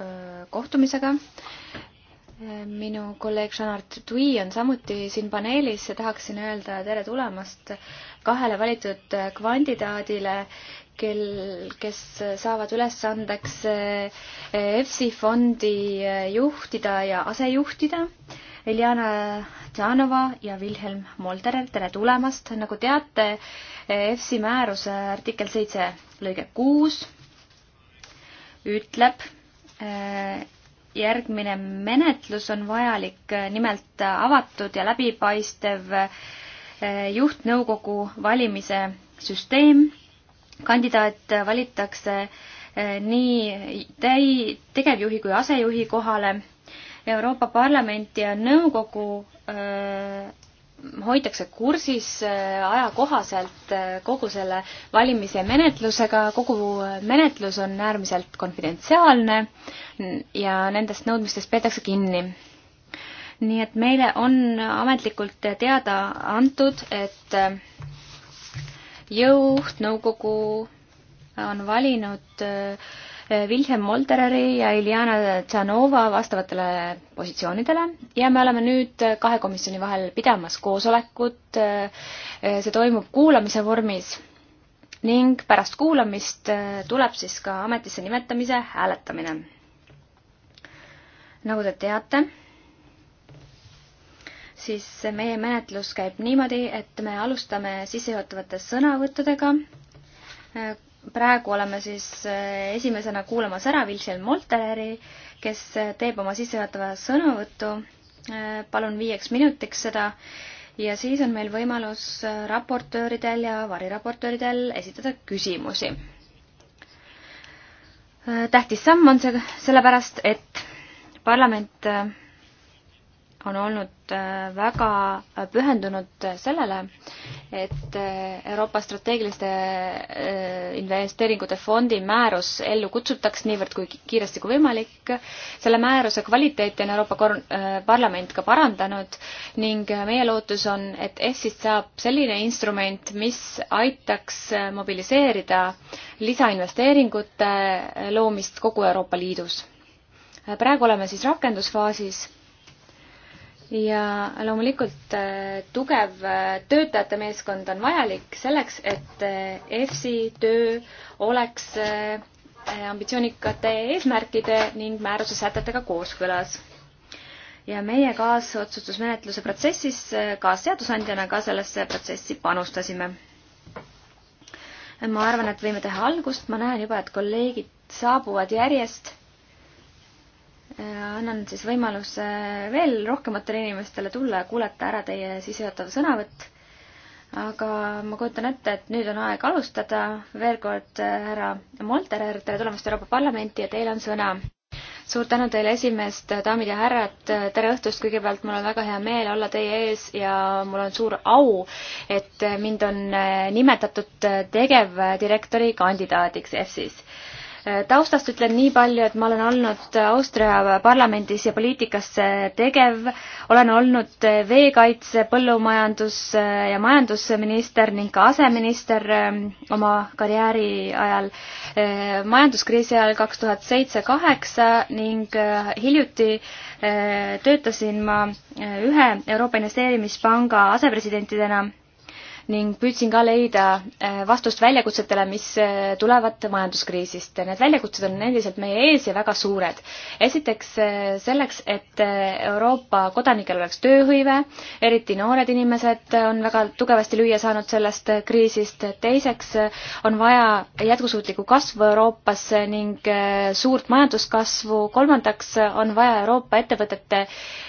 Äh, kohtumisega. minu kolleeg Jean-Art Tui on samuti siin paneelis ja tahaksin öelda tere tulemast kahele valitud kandidaadile, kel, kes saavad ülesandeks äh, EFSI fondi äh, juhtida ja asejuhtida. Eljana Tšanova ja Wilhelm Molderer, tere tulemast, nagu teate, EFSI määruse artikkel seitse lõige kuus ütleb, järgmine menetlus on vajalik, nimelt avatud ja läbipaistev eh, juhtnõukogu valimise süsteem. kandidaat valitakse eh, nii täi-, tegevjuhi kui asejuhi kohale. Euroopa Parlamenti ja nõukogu öö, eh, hoitakse kursis äh, ajakohaselt äh, kogu selle valimise menetlusega, kogu äh, menetlus on äärmiselt konfidentsiaalne ja nendest nõudmistest peetakse kinni. nii et meile on ametlikult teada antud, et jõunõukogu on valinud äh, Wilhelm Moltereri ja Iljana Tšanova vastavatele positsioonidele ja me oleme nüüd kahe komisjoni vahel pidamas koosolekut. see toimub kuulamise vormis ning pärast kuulamist tuleb siis ka ametisse nimetamise hääletamine. nagu te teate, siis meie menetlus käib niimoodi, et me alustame sissejuhatavate sõnavõttudega praegu oleme siis eh, esimesena kuulamas ära Vilsel Molteri, kes eh, teeb oma sissejuhatava sõnavõtu. Eh, palun viieks minutiks seda ja siis on meil võimalus raportööridel ja variraportööridel esitada küsimusi. tähtis samm on see sellepärast, et parlament on olnud äh, väga äh, pühendunud sellele, et äh, Euroopa strateegiliste investeeringute fondi määrus ellu kutsutaks niivõrd kui kiiresti kui võimalik. selle määruse kvaliteeti on Euroopa kor-, Parlament ka parandanud ning meie lootus on, et EFSist saab selline instrument, mis aitaks mobiliseerida lisainvesteeringute loomist kogu Euroopa Liidus. praegu oleme siis rakendusfaasis ja loomulikult äh, tugev äh, töötajate meeskond on vajalik selleks, et äh, EFSI töö oleks ambitsioonikate eesmärkide ning määruse sätetega kooskõlas. ja meie kaasotsustusmenetluse protsessis kaasseadusandjana ka sellesse protsessi panustasime. ma arvan, et võime teha algust, ma näen juba, et kolleegid saabuvad järjest Äh, annan siis võimaluse veel rohkematele inimestele tulla ja kuulata ära teie sissejuhatav sõnavõtt. aga ma kujutan ette, et nüüd on aeg alustada. veel kord äh, härra Molterer, tere tulemast Euroopa Parlamenti ja teil on sõna. suur tänu teile, esimeest, daamid ja härrad, äh, tere õhtust kõigepealt, mul on väga hea meel olla teie ees ja mul on suur au, et mind on nimetatud tegevdirektori kandidaadiks EFSis taustast ütlen nii palju, et ma olen olnud Austria parlamendis ja poliitikas tegev, olen olnud veekaitse, põllumajandus- ja majandusminister ning ka aseminister ähm, oma karjääri ajal, äh, majanduskriisi ajal kaks tuhat seitse-kaheksa ning äh, hiljuti äh, töötasin ma ühe Euroopa Investeerimispanga asepresidentidena ning püüdsin ka leida äh, vastust väljakutsetele, mis äh, tulevad majanduskriisist. Need väljakutsed on endiselt meie ees ja väga suured. esiteks äh, selleks, et Euroopa kodanikel oleks tööhõive, eriti noored inimesed on väga tugevasti lüüa saanud sellest kriisist. teiseks on vaja jätkusuutlikku kasvu Euroopas ning suurt majanduskasvu. kolmandaks on vaja Euroopa ettevõtete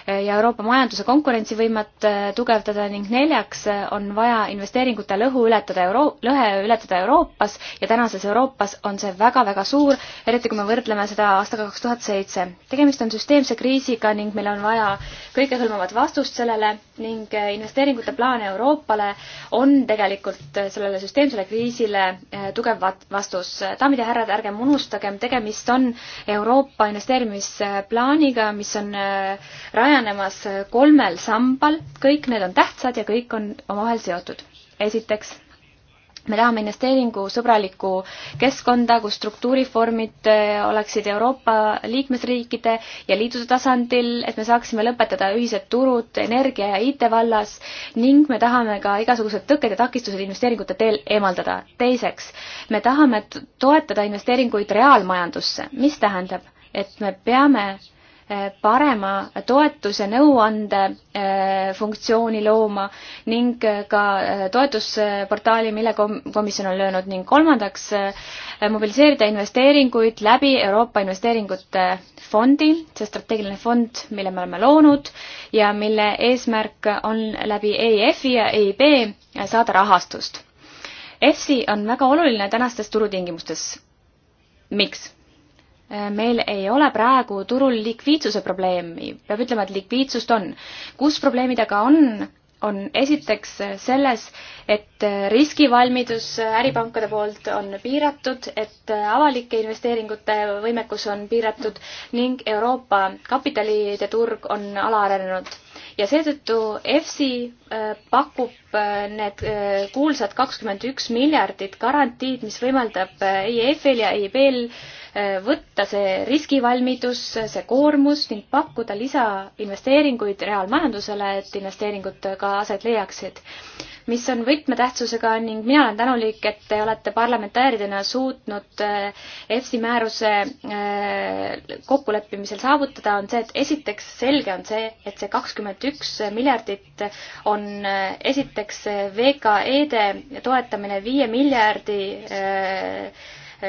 ja Euroopa majanduse konkurentsivõimet tugevdada ning neljaks on vaja investeerida investeeringute lõhu ületada Euro-, lõhe ületada Euroopas ja tänases Euroopas on see väga-väga suur, eriti kui me võrdleme seda aastaga kaks tuhat seitse. tegemist on süsteemse kriisiga ning meil on vaja kõikehõlmavat vastust sellele ning investeeringute plaan Euroopale on tegelikult sellele süsteemsele kriisile eh, tugev vastus. daamid ja härrad, ärgem unustagem, tegemist on Euroopa investeerimisplaaniga, mis on eh, rajanemas kolmel sambal, kõik need on tähtsad ja kõik on omavahel seotud esiteks, me tahame investeeringusõbralikku keskkonda, kus struktuurifondid äh, oleksid Euroopa liikmesriikide ja liidude tasandil, et me saaksime lõpetada ühised turud energia ja IT vallas ning me tahame ka igasugused tõkked ja takistused investeeringute teel eemaldada. teiseks, me tahame toetada investeeringuid reaalmajandusse, mis tähendab, et me peame äh, parema toetuse nõuande äh, funktsiooni looma ning äh, ka äh, toetusportaali, mille komisjon on löönud ning kolmandaks mobiliseerida investeeringuid läbi Euroopa Investeeringute Fondi, see strateegiline fond, mille me oleme loonud ja mille eesmärk on läbi EIF-i ja EIB saada rahastust. EFSI on väga oluline tänastes turutingimustes. miks? meil ei ole praegu turul likviidsuse probleemi, peab ütlema, et likviidsust on. kus probleemid aga on, on esiteks selles, et riskivalmidus äripankade poolt on piiratud, et avalike investeeringute võimekus on piiratud ning Euroopa kapitalide turg on alaarenenud ja seetõttu EFSI äh, pakub Äh, need äh, kuulsad kakskümmend üks miljardit garantiid, mis võimaldab äh, EIF-il ja EIB-l võtta see riskivalmidus, see koormus ning pakkuda lisainvesteeringuid reaalmajandusele, et investeeringud ka aset leiaksid. mis on võtmetähtsusega ning mina olen tänulik, et te olete parlamentääridena suutnud EFSI määruse kokkuleppimisel saavutada, on see, et esiteks selge on see, et see kakskümmend üks miljardit on esiteks näiteks VKE-de toetamine viie miljardi äh,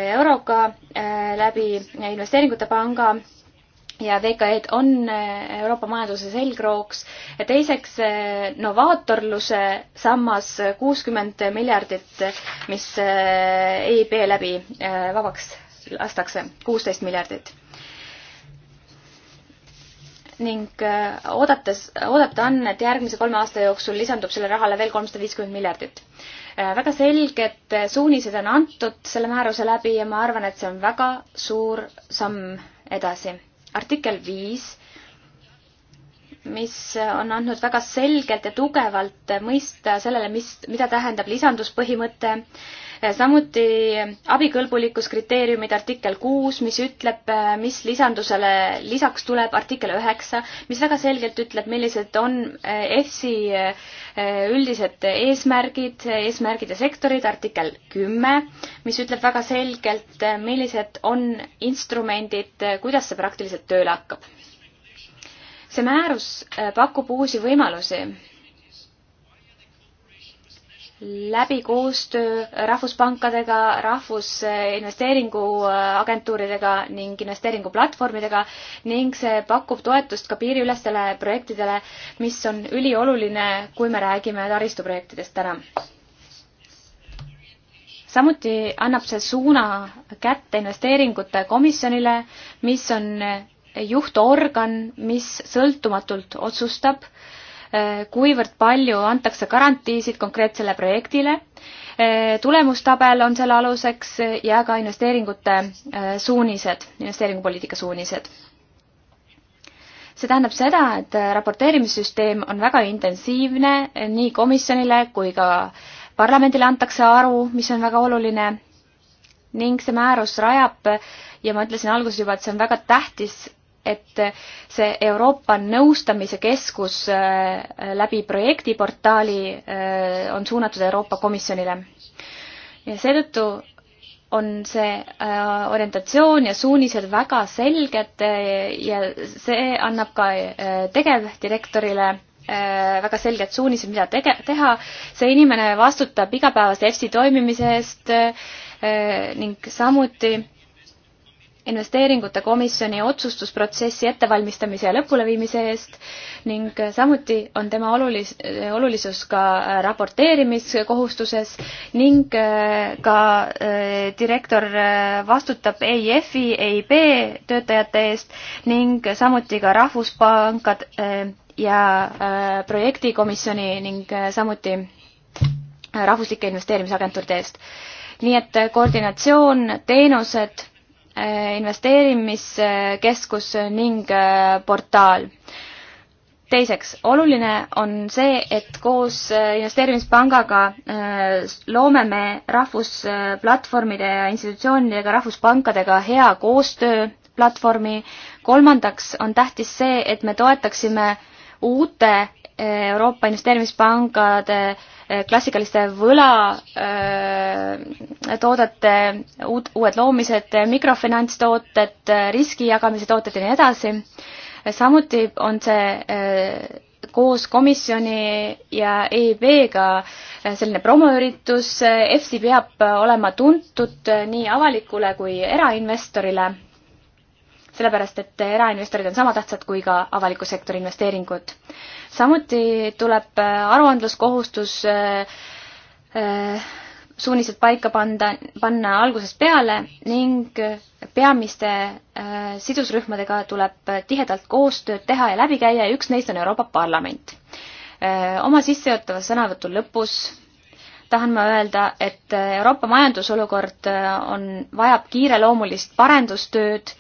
euroga äh, läbi investeeringute panga ja VKE-d on äh, Euroopa majanduse selgrooks. teiseks novaatorluse sammas kuuskümmend miljardit, mis EIB läbi vabaks lastakse, kuusteist miljardit ning äh, oodates, oodata on, et järgmise kolme aasta jooksul lisandub selle rahale veel kolmsada viiskümmend miljardit. Äh, väga selged äh, suunised on antud selle määruse läbi ja ma arvan, et see on väga suur samm edasi. artikkel viis mis on andnud väga selgelt ja tugevalt mõista sellele, mis, mida tähendab lisanduspõhimõte, samuti abikõlbulikkuskriteeriumid artikkel kuus, mis ütleb, mis lisandusele lisaks tuleb, artikkel üheksa, mis väga selgelt ütleb, millised on EFSI üldised eesmärgid, eesmärgid ja sektorid, artikkel kümme, mis ütleb väga selgelt, millised on instrumendid, kuidas see praktiliselt tööle hakkab see määrus äh, pakub uusi võimalusi läbi koostöö rahvuspankadega, rahvusinvesteeringuagentuuridega äh, ning investeeringuplatvormidega ning see pakub toetust ka piiriülestele projektidele, mis on ülioluline, kui me räägime taristuprojektidest täna. samuti annab see suuna kätte investeeringute komisjonile, mis on juhtorgan, mis sõltumatult otsustab, eh, kuivõrd palju antakse garantiisid konkreetsele projektile, eh, tulemustabel on selle aluseks ja ka investeeringute eh, suunised, investeeringupoliitika suunised. see tähendab seda, et raporteerimissüsteem on väga intensiivne nii komisjonile kui ka parlamendile antakse aru, mis on väga oluline ning see määrus rajab ja ma ütlesin alguses juba, et see on väga tähtis et see Euroopa Nõustamise Keskus äh, läbi projektiportaali äh, on suunatud Euroopa Komisjonile. ja seetõttu on see äh, orientatsioon ja suunised väga selged ja see annab ka tegevdirektorile väga selged suunised, mida tege-, teha. see inimene vastutab igapäevase EFSI toimimise eest ning samuti investeeringute komisjoni otsustusprotsessi ettevalmistamise ja lõpuleviimise eest ning samuti on tema olulis-, olulisus ka äh, raporteerimiskohustuses ning äh, ka äh, direktor vastutab EIF-i, EIB töötajate eest ning samuti ka rahvuspankad ja projektikomisjoni ning samuti rahvuslike investeerimisagentuuride eest. nii et koordinatsioon, teenused Eh, investeerimiskeskus ning eh, portaal. teiseks, oluline on see, et koos eh, investeerimispangaga loome me rahvusplatvormide ja institutsioonidega, rahvuspankadega hea koostööplatvormi. kolmandaks on tähtis see, et me toetaksime uute Euroopa investeerimispangade äh, Äh, klassikaliste võlatoodete äh, uud, uued loomised, mikrofinantstooted, äh, riskijagamise tooted ja nii edasi. samuti on see koos komisjoni ja EIB-ga selline promoüritus, EFSI peab olema tuntud nii avalikule kui erainvestorile sellepärast et erainvestorid on sama tähtsad kui ka avaliku sektori investeeringud. samuti tuleb äh, aruandluskohustus äh, äh, suunised paika panda, panna algusest peale ning peamiste sidusrühmadega tuleb tihedalt koostööd teha ja läbi käia ja üks neist on Euroopa Parlament. oma sissejuhatava sõnavõtu lõpus tahan ma öelda, et Euroopa majandusolukord on, vajab kiireloomulist parendustööd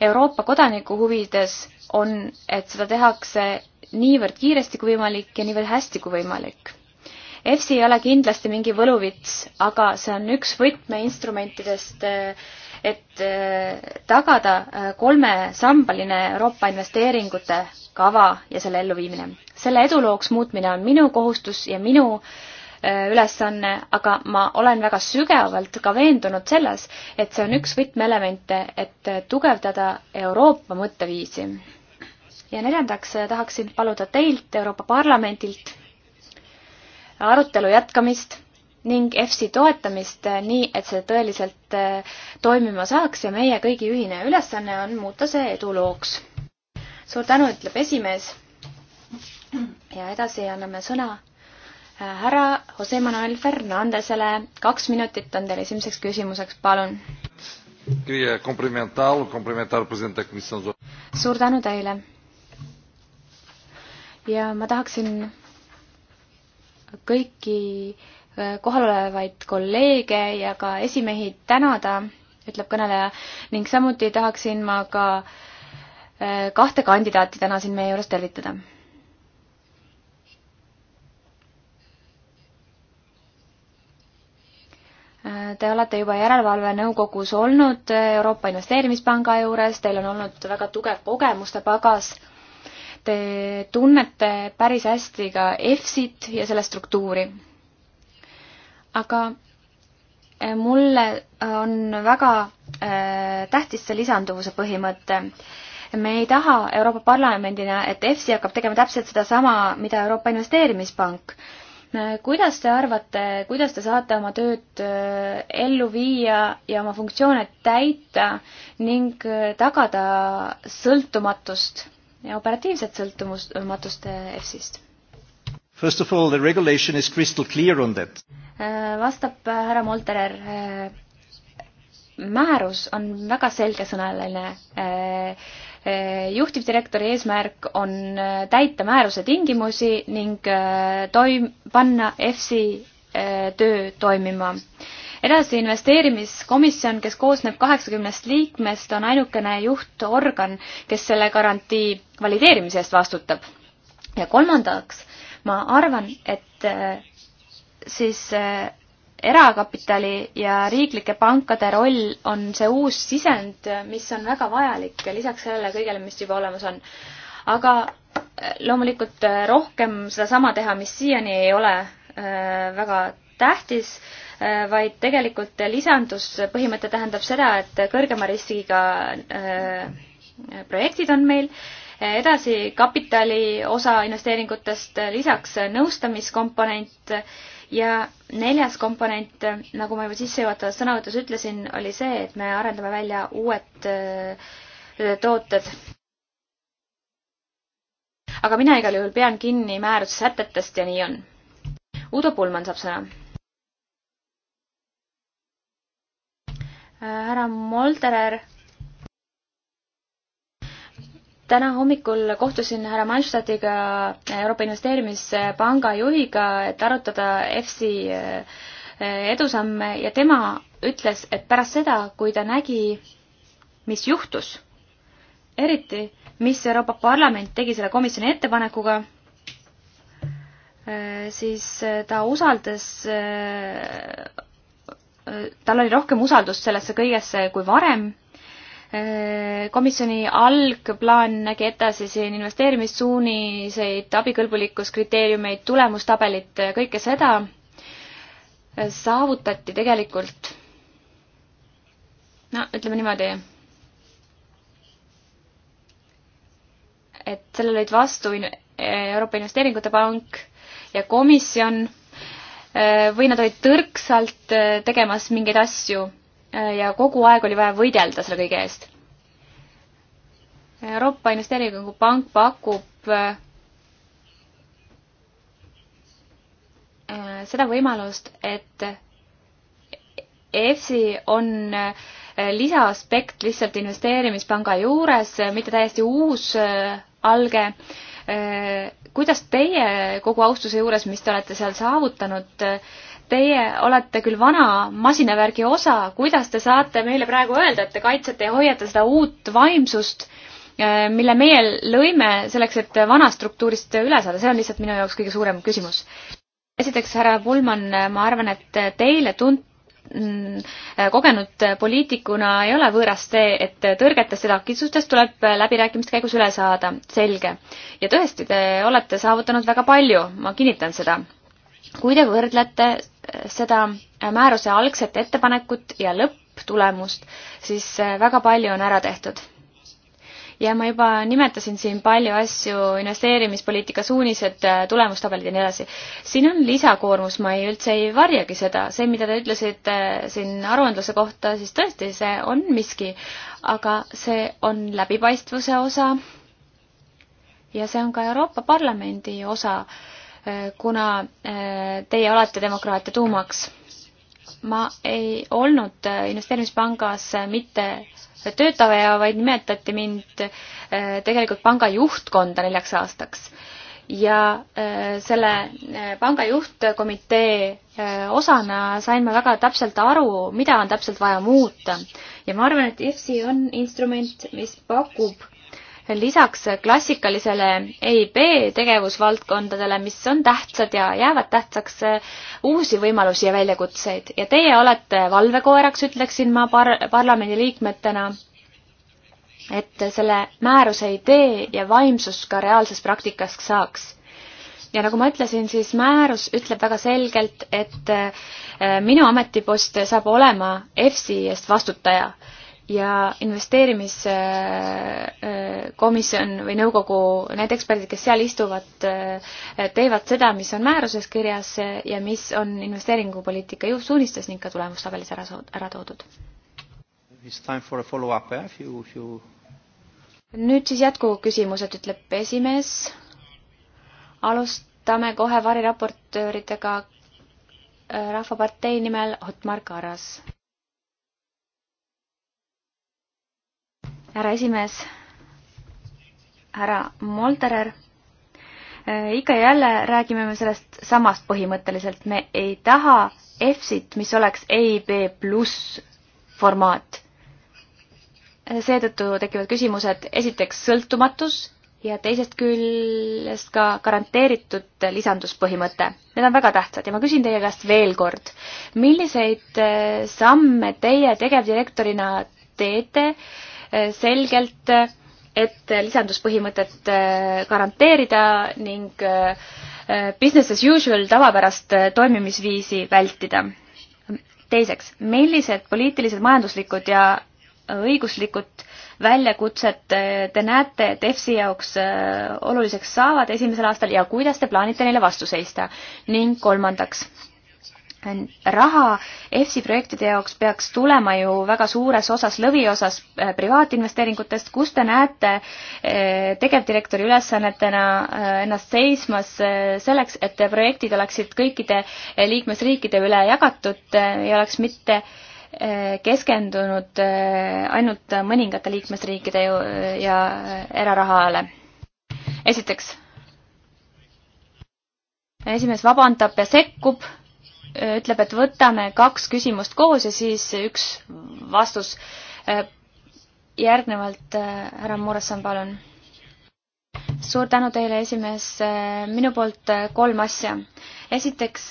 Euroopa kodaniku huvides on, et seda tehakse niivõrd kiiresti kui võimalik ja niivõrd hästi kui võimalik. EFSI ei ole kindlasti mingi võluvits, aga see on üks võtmeinstrumentidest, et eh, tagada eh, kolmesambaline Euroopa investeeringute kava ja selle elluviimine. selle edulooks muutmine on minu kohustus ja minu äh, Äh, ülesanne, aga ma olen väga sügavalt ka veendunud selles, et see on üks võtmeelemente, et tugevdada Euroopa mõtteviisi. ja neljandaks äh, tahaksin paluda teilt, Euroopa Parlamendilt, arutelu jätkamist ning EFSi toetamist äh, nii, et see tõeliselt toimima saaks ja meie kõigi ühine ülesanne on muuta see edulooks. suur tänu, ütleb esimees. ja edasi anname sõna härra Jose Manuel Fernandesele. kaks minutit on teil esimeseks küsimuseks, palun. suur tänu teile. ja ma tahaksin kõiki äh, kohalolevaid kolleege ja ka esimehi tänada, ütleb kõneleja, ning samuti tahaksin ma ka äh, kahte kandidaati täna siin meie juures tervitada Te olete juba Järelevalvenõukogus olnud Euroopa Investeerimispanga juures, teil on olnud väga tugev kogemuste pagas. Te tunnete päris hästi ka EFSit ja selle struktuuri. aga eh, mulle on väga eh, tähtis see lisanduvuse põhimõte. me ei taha Euroopa Parlamendina, et EFSI hakkab tegema täpselt sedasama, mida Euroopa Investeerimispank Äh, kuidas te arvate, kuidas te saate oma tööd äh, ellu viia ja oma funktsioone täita ning äh, tagada sõltumatust ja operatiivset sõltumatust EFSist? First of all, the regulation is crystal clear on that. vastab härra Molterer. määrus on väga selgesõnaline juhtivdirektori eesmärk on äh, täita määruse tingimusi ning äh, toim-, panna EFSI äh, töö toimima. edasi investeerimiskomisjon, kes koosneb kaheksakümnest liikmest, on ainukene juhtorgan, kes selle garantii valideerimise eest vastutab. ja kolmandaks, ma arvan, et siis erakapitali ja riiklike pankade roll on see uus sisend, mis on väga vajalik lisaks sellele kõigele, mis juba olemas on. aga äh, loomulikult äh, rohkem sedasama teha, mis siiani ei ole äh, väga tähtis, vaid tegelikult lisanduspõhimõte tähendab seda, et kõrgema riskiga projektid on meil edasi kapitali osa investeeringutest, lisaks nõustamiskomponent ja neljas komponent, nagu ma juba sissejuhatavas sõnavõtus ütlesin, oli see, et me arendame välja uued äh, tooted. aga mina igal juhul pean kinni määruse sätetest ja nii on. Udo Pulman saab sõna. Äh, härra Molderer täna hommikul kohtusin härra Manstadiga, Euroopa Investeerimispanga juhiga, et arutada EFSI eh, edusamme ja tema ütles, et pärast seda, kui ta nägi, mis juhtus, eriti mis Euroopa Parlament tegi selle komisjoni ettepanekuga, eh, siis ta usaldas eh, tal oli rohkem usaldust sellesse kõigesse kui varem Äh, komisjoni algplaan nägi ette siis siin investeerimissuuniseid, abikõlbulikkuskriteeriumeid, tulemustabelit, kõike seda äh, saavutati tegelikult no ütleme niimoodi, et sellele olid vastu äh, Euroopa Investeeringute Pank ja komisjon või nad olid tõrksalt tegemas mingeid asju Äh, ja kogu aeg oli vaja võidelda selle kõige eest. Euroopa Investeeringupank pakub äh, seda võimalust, et EFSI on äh, lisaaspekt lihtsalt investeerimispanga juures, mitte täiesti uus alge. kuidas teie kogu austuse juures, mis te olete seal saavutanud, Teie olete küll vana masinavärgi osa, kuidas te saate meile praegu öelda, et te kaitsete ja hoiate seda uut vaimsust, äh, mille meie lõime selleks, et vanast struktuurist üle saada, see on lihtsalt minu jaoks kõige suurem küsimus. esiteks, härra Pullmann, ma arvan, et teile tunt-, mm, kogenud poliitikuna ei ole võõras see, et tõrgetest ja takistustest tuleb läbirääkimiste käigus üle saada, selge. ja tõesti, te olete saavutanud väga palju, ma kinnitan seda. kui te võrdlete seda määruse algset ettepanekut ja lõpptulemust, siis äh, väga palju on ära tehtud. ja ma juba nimetasin siin palju asju, investeerimispoliitika suunised, äh, tulemustabelid ja nii edasi. siin on lisakoormus, ma ei, üldse ei varjagi seda, see, mida te ütlesite äh, siin aruandluse kohta, siis tõesti, see on miski, aga see on läbipaistvuse osa ja see on ka Euroopa Parlamendi osa äh, kuna eh, teie olete demokraatia tuumaks. ma ei olnud eh, investeerimispangas eh, mitte töötav ja vaid nimetati mind tegelikult panga juhtkonda neljaks aastaks. ja selle panga juhtkomitee osana sain ma väga täpselt aru, mida on täpselt vaja muuta. ja ma arvan, et EFSI on instrument, mis pakub lisaks klassikalisele EIB tegevusvaldkondadele, mis on tähtsad ja jäävad tähtsaks, eh, uusi võimalusi ja väljakutseid ja teie olete valvekoeraks, ütleksin ma par-, parlamendiliikmetena, et selle määruse idee ja vaimsus ka reaalses praktikas saaks ja nagu ma ütlesin, siis määrus ütleb väga selgelt, et eh, minu ametipost saab olema EFSI eest vastutaja ja investeerimiskomisjon äh, äh, või nõukogu, need eksperdid, kes seal istuvad, äh, teevad seda, mis on määruses kirjas ja mis on investeeringupoliitika juhtsuunistes ning ka tulemustabelis ära, ära toodud. Eh? You... nüüd siis jätkuküsimused, ütleb esimees. alustame kohe variraportööridega Rahvapartei nimel Otmar Karas härra esimees, härra Molterer äh, ikka ja jälle räägime me sellest samast põhimõtteliselt, me ei taha EFSit, mis oleks EIB pluss formaat. Äh, seetõttu tekivad küsimused, esiteks sõltumatus ja teisest küljest ka garanteeritud lisanduspõhimõte. Need on väga tähtsad ja ma küsin teie käest veel kord, milliseid äh, samme teie tegevdirektorina teete äh, selgelt, et lisanduspõhimõtet äh, garanteerida ning äh, business as usual tavapärast äh, toimimisviisi vältida. teiseks, millised poliitilised, majanduslikud ja õiguslikud väljakutsed te näete, et EFSi jaoks oluliseks saavad esimesel aastal ja kuidas te plaanite neile vastu seista? ning kolmandaks raha EFSI projektide jaoks peaks tulema ju väga suures osas, lõviosas eh, privaatinvesteeringutest, kus te näete eh, tegevdirektori ülesannetena eh, ennast seismas selleks, et projektid oleksid kõikide liikmesriikide üle jagatud ja oleks mitte keskendunud ainult mõningate liikmesriikide ja erarahale. esiteks, esimees vabandab ja sekkub ütleb, et võtame kaks küsimust koos ja siis üks vastus. Äh, järgnevalt äh, härra Murassan, palun. suur tänu teile, esimees. Äh, minu poolt kolm asja. esiteks,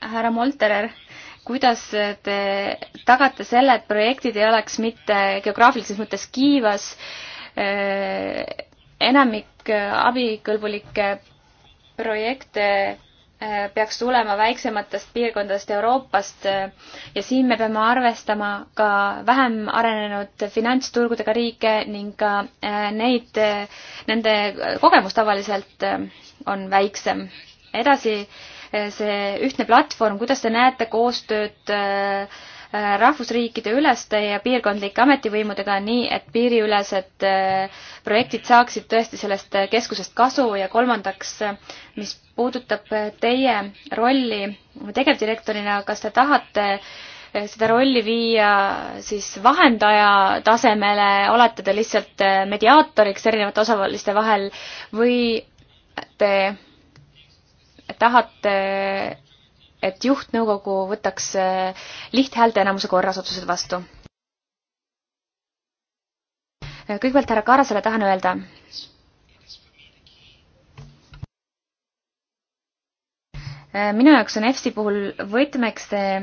härra Molterer kuidas te tagate selle, et projektid ei oleks mitte geograafilises mõttes kiivas, enamik abikõlbulikke projekte Äh, peaks tulema väiksematest piirkondadest Euroopast äh, ja siin me peame arvestama ka vähem arenenud finantsturgudega riike ning ka äh, neid, nende kogemus tavaliselt on väiksem. edasi see ühtne platvorm, kuidas te näete koostööd äh, Äh, rahvusriikide üleste ja piirkondlike ametivõimudega, nii et piiriülesed äh, projektid saaksid tõesti sellest äh, keskusest kasu ja kolmandaks, mis puudutab teie rolli tegevdirektorina, kas te tahate seda rolli viia siis vahendaja tasemele, olete te lihtsalt mediaatoriks erinevate osavaliste vahel või te tahate et juhtnõukogu võtaks eh, lihthäälteenamuse korras otsused vastu. kõigepealt härra Kaarasele tahan öelda, eh, minu jaoks on EFSi puhul võtmeks see,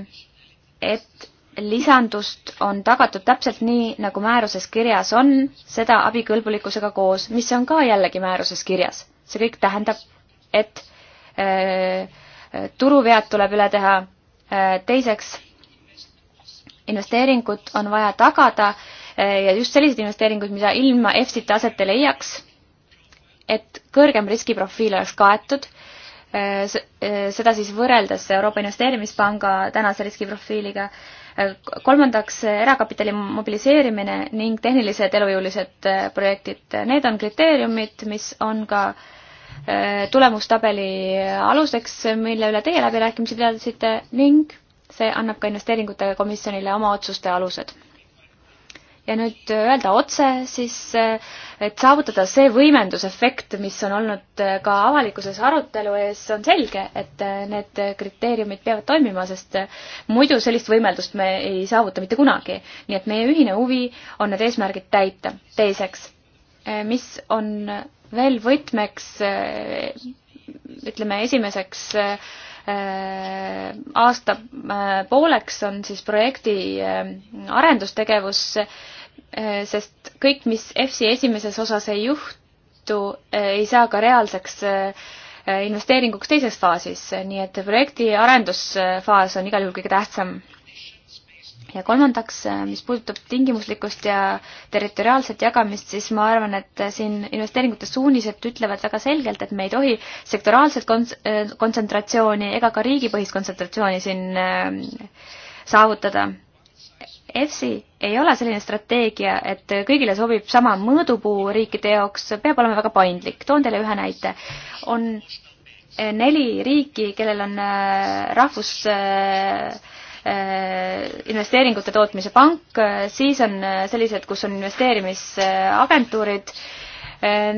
et lisandust on tagatud täpselt nii, nagu määruses kirjas on, seda abikõlbulikkusega koos, mis on ka jällegi määruses kirjas. see kõik tähendab, et öö, eh, turuvead tuleb üle teha, teiseks, investeeringud on vaja tagada ja just sellised investeeringud, mida ilma EFSita aset ei leiaks, et kõrgem riskiprofiil oleks kaetud, seda siis võrreldes Euroopa Investeerimispanga tänase riskiprofiiliga, kolmandaks erakapitali mobiliseerimine ning tehnilised elujõulised projektid, need on kriteeriumid, mis on ka äh, Äh, tulemustabeli aluseks, mille üle teie läbirääkimisi pidasite ning see annab ka investeeringute komisjonile oma otsuste alused. ja nüüd öelda otse, siis äh, et saavutada see võimendusefekt, mis on olnud äh, ka avalikkuses arutelu ees, on selge, et need kriteeriumid peavad toimima, sest muidu sellist võimeldust me ei saavuta mitte kunagi. nii et meie ühine huvi on need eesmärgid täita. teiseks, mis on veel võtmeks, ütleme esimeseks äh, aasta äh, pooleks on siis projekti äh, arendustegevus, sest kõik, mis EFSI esimeses osas ei juhtu, ei saa ka reaalseks investeeringuks teises faasis, nii et projekti arendusfaas on igal juhul kõige tähtsam ja kolmandaks, äh, mis puudutab tingimuslikkust ja territoriaalset jagamist, siis ma arvan, et äh, siin investeeringute suunised ütlevad väga selgelt, et me ei tohi sektoraalset kons-, äh, kontsentratsiooni ega ka riigipõhist kontsentratsiooni siin saavutada. EFSI ei ole selline strateegia, et kõigile sobib sama mõõdupuu riikide jaoks, peab olema väga paindlik. toon teile ühe näite. on neli riiki, kellel on rahvus äh, Äh, investeeringute tootmise pank, äh, siis on äh, sellised, kus on investeerimisagentuurid,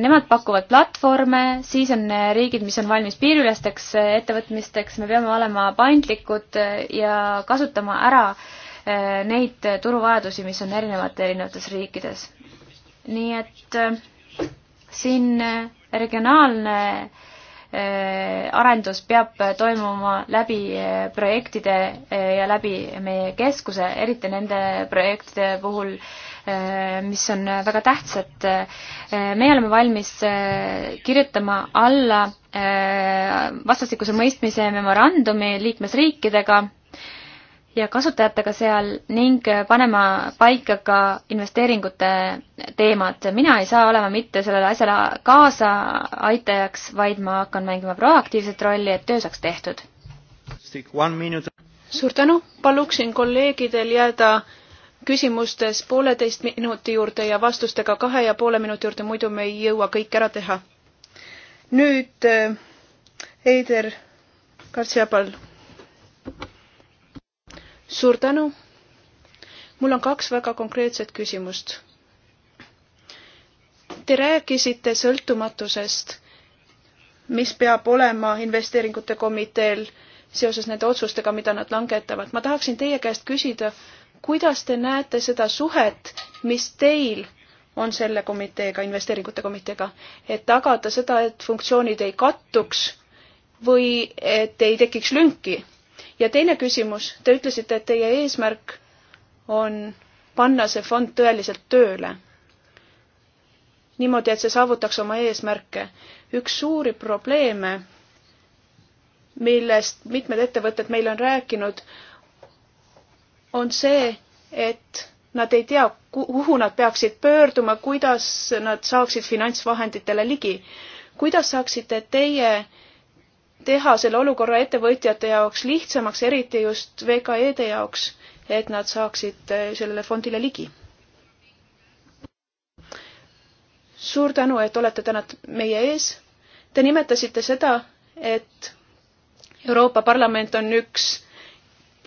nemad pakuvad platvorme, siis on riigid, mis on valmis piiriülesteks ettevõtmisteks, me peame olema paindlikud ja kasutama ära neid turuvajadusi, mis on erinevate erinevates riikides. nii et siin regionaalne äh, Äh, arendus peab toimuma läbi äh, projektide äh, ja läbi meie keskuse, eriti nende projektide puhul, mis on väga tähtsad. meie oleme valmis kirjutama alla vastastikuse mõistmise memorandumi liikmesriikidega ja kasutajatega seal ning panema paika ka investeeringute teemad. mina ei saa olema mitte sellele asjale kaasaaitajaks, vaid ma hakkan mängima proaktiivset rolli, et töö saaks tehtud. suur tänu, paluksin kolleegidel jääda küsimustes pooleteist minuti juurde ja vastustega kahe ja poole minuti juurde, muidu me ei jõua kõik ära teha. nüüd Heider äh, Kartsiapal suur tänu. mul on kaks väga konkreetset küsimust. Te rääkisite sõltumatusest, mis peab olema investeeringute komiteel seoses nende otsustega, mida nad langetavad. ma tahaksin teie käest küsida, kuidas te näete seda suhet, mis teil on selle komiteega, investeeringute komiteega, et tagada seda, et funktsioonid ei kattuks või et ei tekiks lünki ja teine küsimus, te ütlesite, et teie eesmärk on panna see fond tõeliselt tööle. niimoodi, et see saavutaks oma eesmärke. üks suuri probleeme, millest mitmed ettevõtted meile on rääkinud, on see, et nad ei tea, kuhu nad peaksid pöörduma, kuidas nad saaksid finantsvahenditele ligi. kuidas saaksite teie teha selle olukorra ettevõtjate jaoks lihtsamaks, eriti just VKE-de jaoks, et nad saaksid eh, sellele fondile ligi. suur tänu, et olete täna meie ees. Te nimetasite seda, et Euroopa Parlament on üks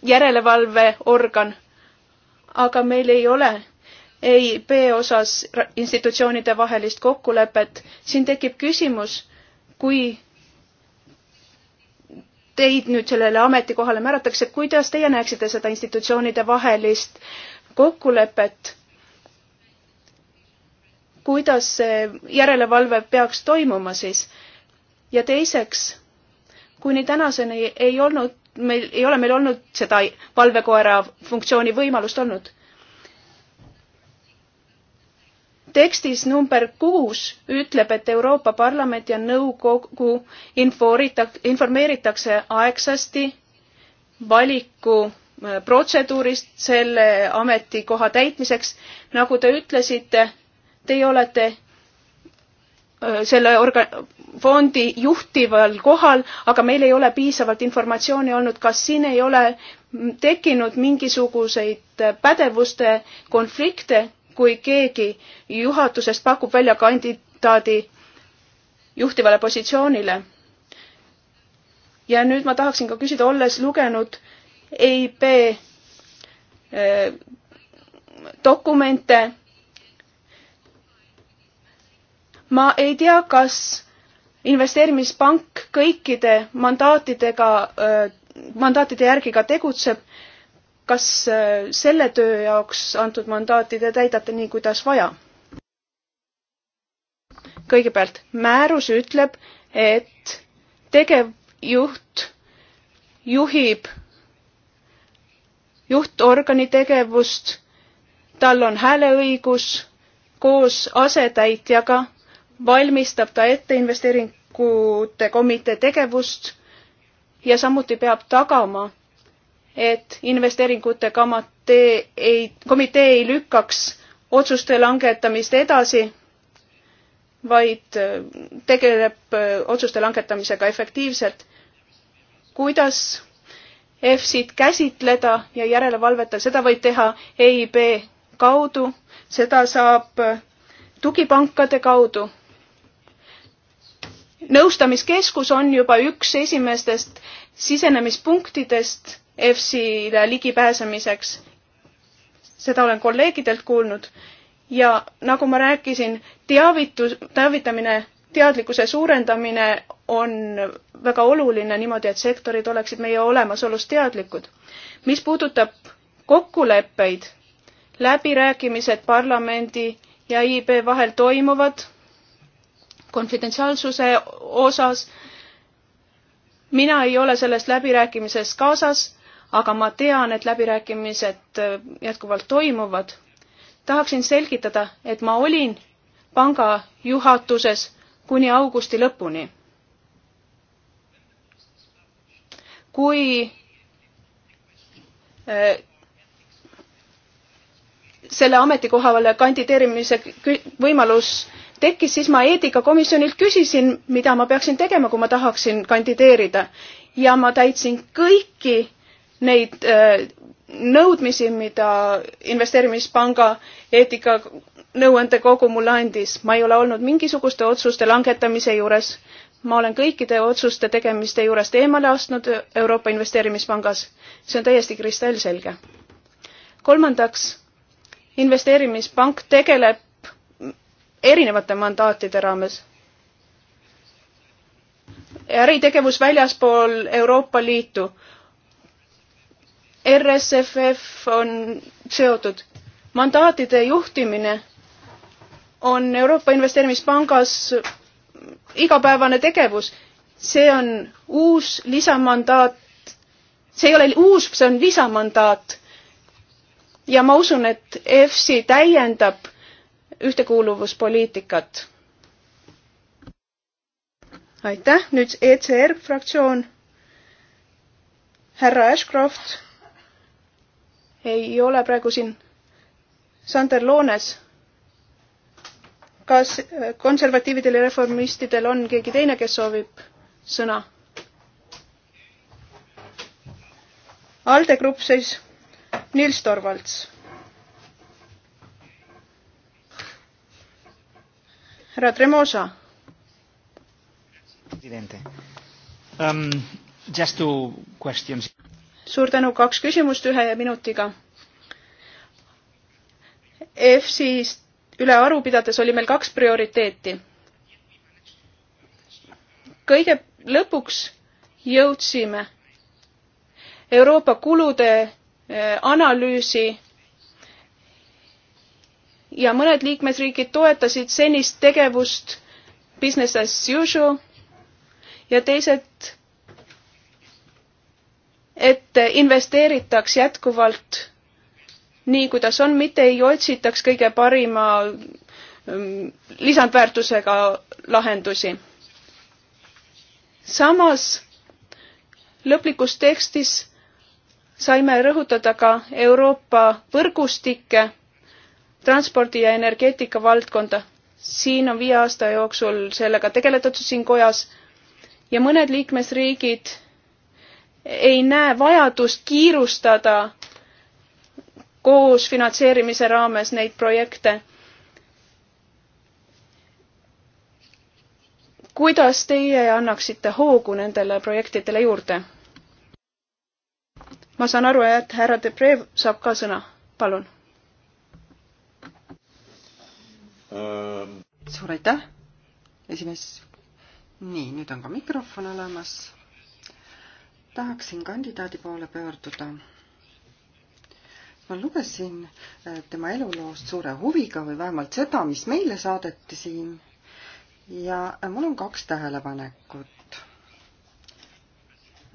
järelevalveorgan, aga meil ei ole ei B osas institutsioonide vahelist kokkulepet. siin tekib küsimus, kui teid nüüd sellele ametikohale määratakse, kuidas teie näeksite seda institutsioonide vahelist kokkulepet? kuidas see järelevalve peaks toimuma siis? ja teiseks, kuni tänaseni ei olnud meil, ei ole meil olnud seda valvekoera funktsiooni võimalust olnud tekstis number kuus ütleb, et Euroopa Parlament ja nõukogu informeeritakse aegsasti valiku äh, protseduurist selle ametikoha täitmiseks. nagu te ütlesite, teie olete äh, selle orga-, fondi juhtival kohal, aga meil ei ole piisavalt informatsiooni olnud, kas siin ei ole mm, tekkinud mingisuguseid äh, pädevuste konflikte kui keegi juhatusest pakub välja kandidaadi juhtivale positsioonile. ja nüüd ma tahaksin ka küsida, olles lugenud EIB eh, dokumente. ma ei tea, kas investeerimispank kõikide mandaatidega, eh, mandaatide järgi ka tegutseb kas äh, selle töö jaoks antud mandaati te täidate nii, kuidas vaja? kõigepealt, määrus ütleb, et tegevjuht juhib juhtorgani tegevust, tal on hääleõigus, koos asetäitjaga valmistab ta ette investeeringute komitee tegevust ja samuti peab tagama et investeeringute komitee ei, komitee ei lükkaks otsuste langetamist edasi, vaid äh, tegeleb äh, otsuste langetamisega efektiivselt. kuidas EFSit käsitleda ja järelevalveta, seda võib teha EIB kaudu, seda saab äh, tugipankade kaudu. nõustamiskeskus on juba üks esimestest sisenemispunktidest EFSile ligipääsemiseks. seda olen kolleegidelt kuulnud ja nagu ma rääkisin, teavitus, teavitamine, teadlikkuse suurendamine on väga oluline niimoodi, et sektorid oleksid meie olemasolust teadlikud. mis puudutab kokkuleppeid, läbirääkimised parlamendi ja IB vahel toimuvad konfidentsiaalsuse osas. mina ei ole selles läbirääkimises kaasas aga ma tean, et läbirääkimised äh, jätkuvalt toimuvad. tahaksin selgitada, et ma olin panga juhatuses kuni augusti lõpuni. kui äh, selle ametikohale kandideerimise võimalus tekkis, siis ma eetikakomisjonilt küsisin, mida ma peaksin tegema, kui ma tahaksin kandideerida ja ma täitsin kõiki neid äh, nõudmisi, mida investeerimispanga eetikanõuandekogu mulle andis. ma ei ole olnud mingisuguste otsuste langetamise juures. ma olen kõikide otsuste tegemiste juurest eemale astnud Euroopa Investeerimispangas. see on täiesti kristallselge. kolmandaks, investeerimispank tegeleb erinevate mandaatide raames äritegevus väljaspool Euroopa Liitu RSFF on seotud. mandaatide juhtimine on Euroopa Investeerimispangas igapäevane tegevus. see on uus lisamandaat. see ei ole uus, see on lisamandaat. ja ma usun, et EFSI täiendab ühtekuuluvuspoliitikat. aitäh, nüüd ECR fraktsioon. härra Ashcroft ei ole praegu siin. Sander Loones. kas äh, konservatiividel ja reformistidel on keegi teine, kes soovib sõna? ALDE grupp siis Nils Torvalds. härra Tremosa. president um,, just two questions suur tänu, kaks küsimust ühe minutiga. EFSist üle aru pidades oli meil kaks prioriteeti. kõige lõpuks jõudsime Euroopa kulude eh, analüüsi ja mõned liikmesriigid toetasid senist tegevust business as usual ja teised et investeeritaks jätkuvalt nii, kuidas on, mitte ei otsitaks kõige parima mm, lisandväärtusega lahendusi. samas lõplikus tekstis saime rõhutada ka Euroopa võrgustikke transpordi ja energeetika valdkonda. siin on viie aasta jooksul sellega tegeletud siin kojas ja mõned liikmesriigid ei näe vajadust kiirustada koos finantseerimise raames neid projekte. kuidas teie annaksite hoogu nendele projektidele juurde? ma saan aru, et härra Debrev saab ka sõna, palun ähm.. suur aitäh, esimees. nii, nüüd on ka mikrofon olemas tahaksin kandidaadi poole pöörduda. ma lugesin äh, tema eluloost suure huviga või vähemalt seda, mis meile saadeti siin. ja äh, mul on kaks tähelepanekut.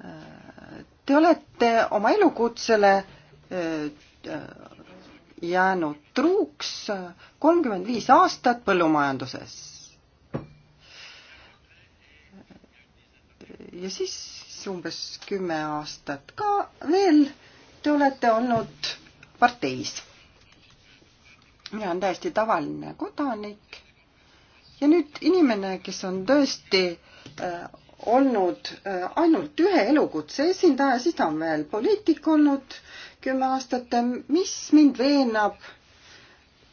Äh, te olete oma elukutsele jäänud truuks kolmkümmend viis aastat põllumajanduses. ja siis umbes kümme aastat ka veel te olete olnud parteis. mina olen täiesti tavaline kodanik ja nüüd inimene, kes on tõesti äh, olnud äh, ainult ühe elukutse esindaja, siis ta on veel poliitik olnud kümme aastat, mis mind veenab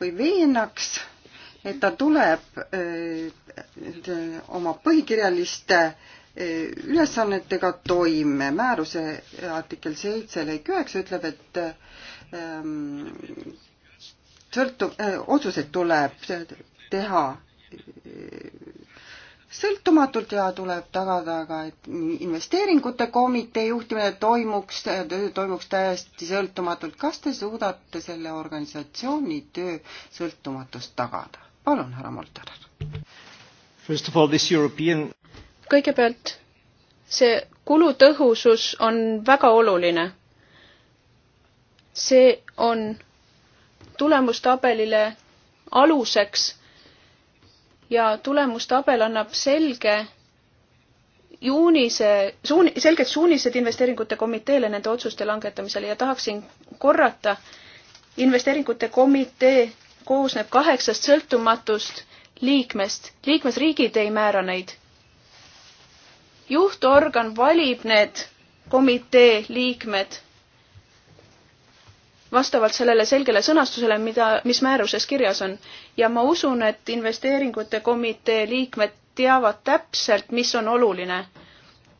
või veenaks et ta tuleb öö, äh, oma põhikirjaliste ülesannetega toime. määruse artikkel seitse lõik üheksa ütleb, et ähm, sõltuv äh,, otsuseid tuleb teha äh, sõltumatult ja tuleb tagada ka, et investeeringute komitee juhtimine toimuks, toimuks täiesti sõltumatult. kas te suudate selle organisatsiooni töö sõltumatust tagada? palun, härra Molter. First of all, this European kõigepealt see kulutõhusus on väga oluline. see on tulemustabelile aluseks ja tulemustabel annab selge juunise, suun-, selged suunised investeeringute komiteele nende otsuste langetamisel ja tahaksin korrata, investeeringute komitee koosneb kaheksast sõltumatust liikmest, liikmesriigid ei määra neid juhtorgan valib need komitee liikmed vastavalt sellele selgele sõnastusele, mida, mis määruses kirjas on. ja ma usun, et investeeringute komitee liikmed teavad täpselt, mis on oluline.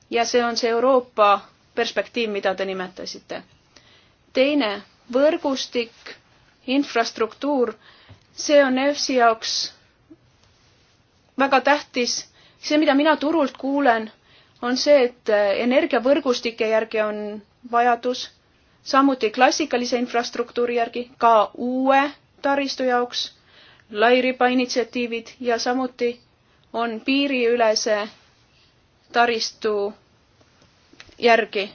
ja see on see Euroopa perspektiiv, mida te nimetasite. teine, võrgustik, infrastruktuur, see on EFSi jaoks väga tähtis. see, mida mina turult kuulen on see, et äh, energiavõrgustike järgi on vajadus, samuti klassikalise infrastruktuuri järgi, ka uue taristu jaoks, lairiba initsiatiivid ja samuti on piiriülese taristu järgi.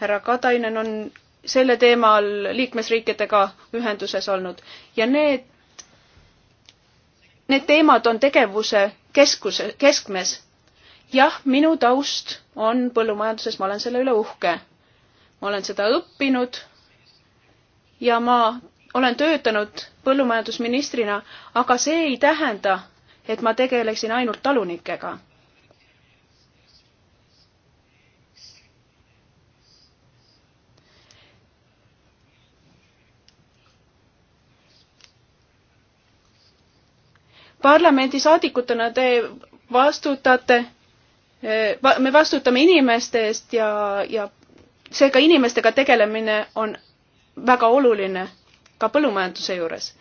härra Katainen on selle teema all liikmesriikidega ühenduses olnud ja need, need teemad on tegevuse keskuse, keskmes jah, minu taust on põllumajanduses, ma olen selle üle uhke. ma olen seda õppinud ja ma olen töötanud põllumajandusministrina, aga see ei tähenda, et ma tegeleksin ainult talunikega. parlamendisaadikutena te vastutate me vastutame inimeste eest ja, ja seega inimestega tegelemine on väga oluline ka põllumajanduse juures.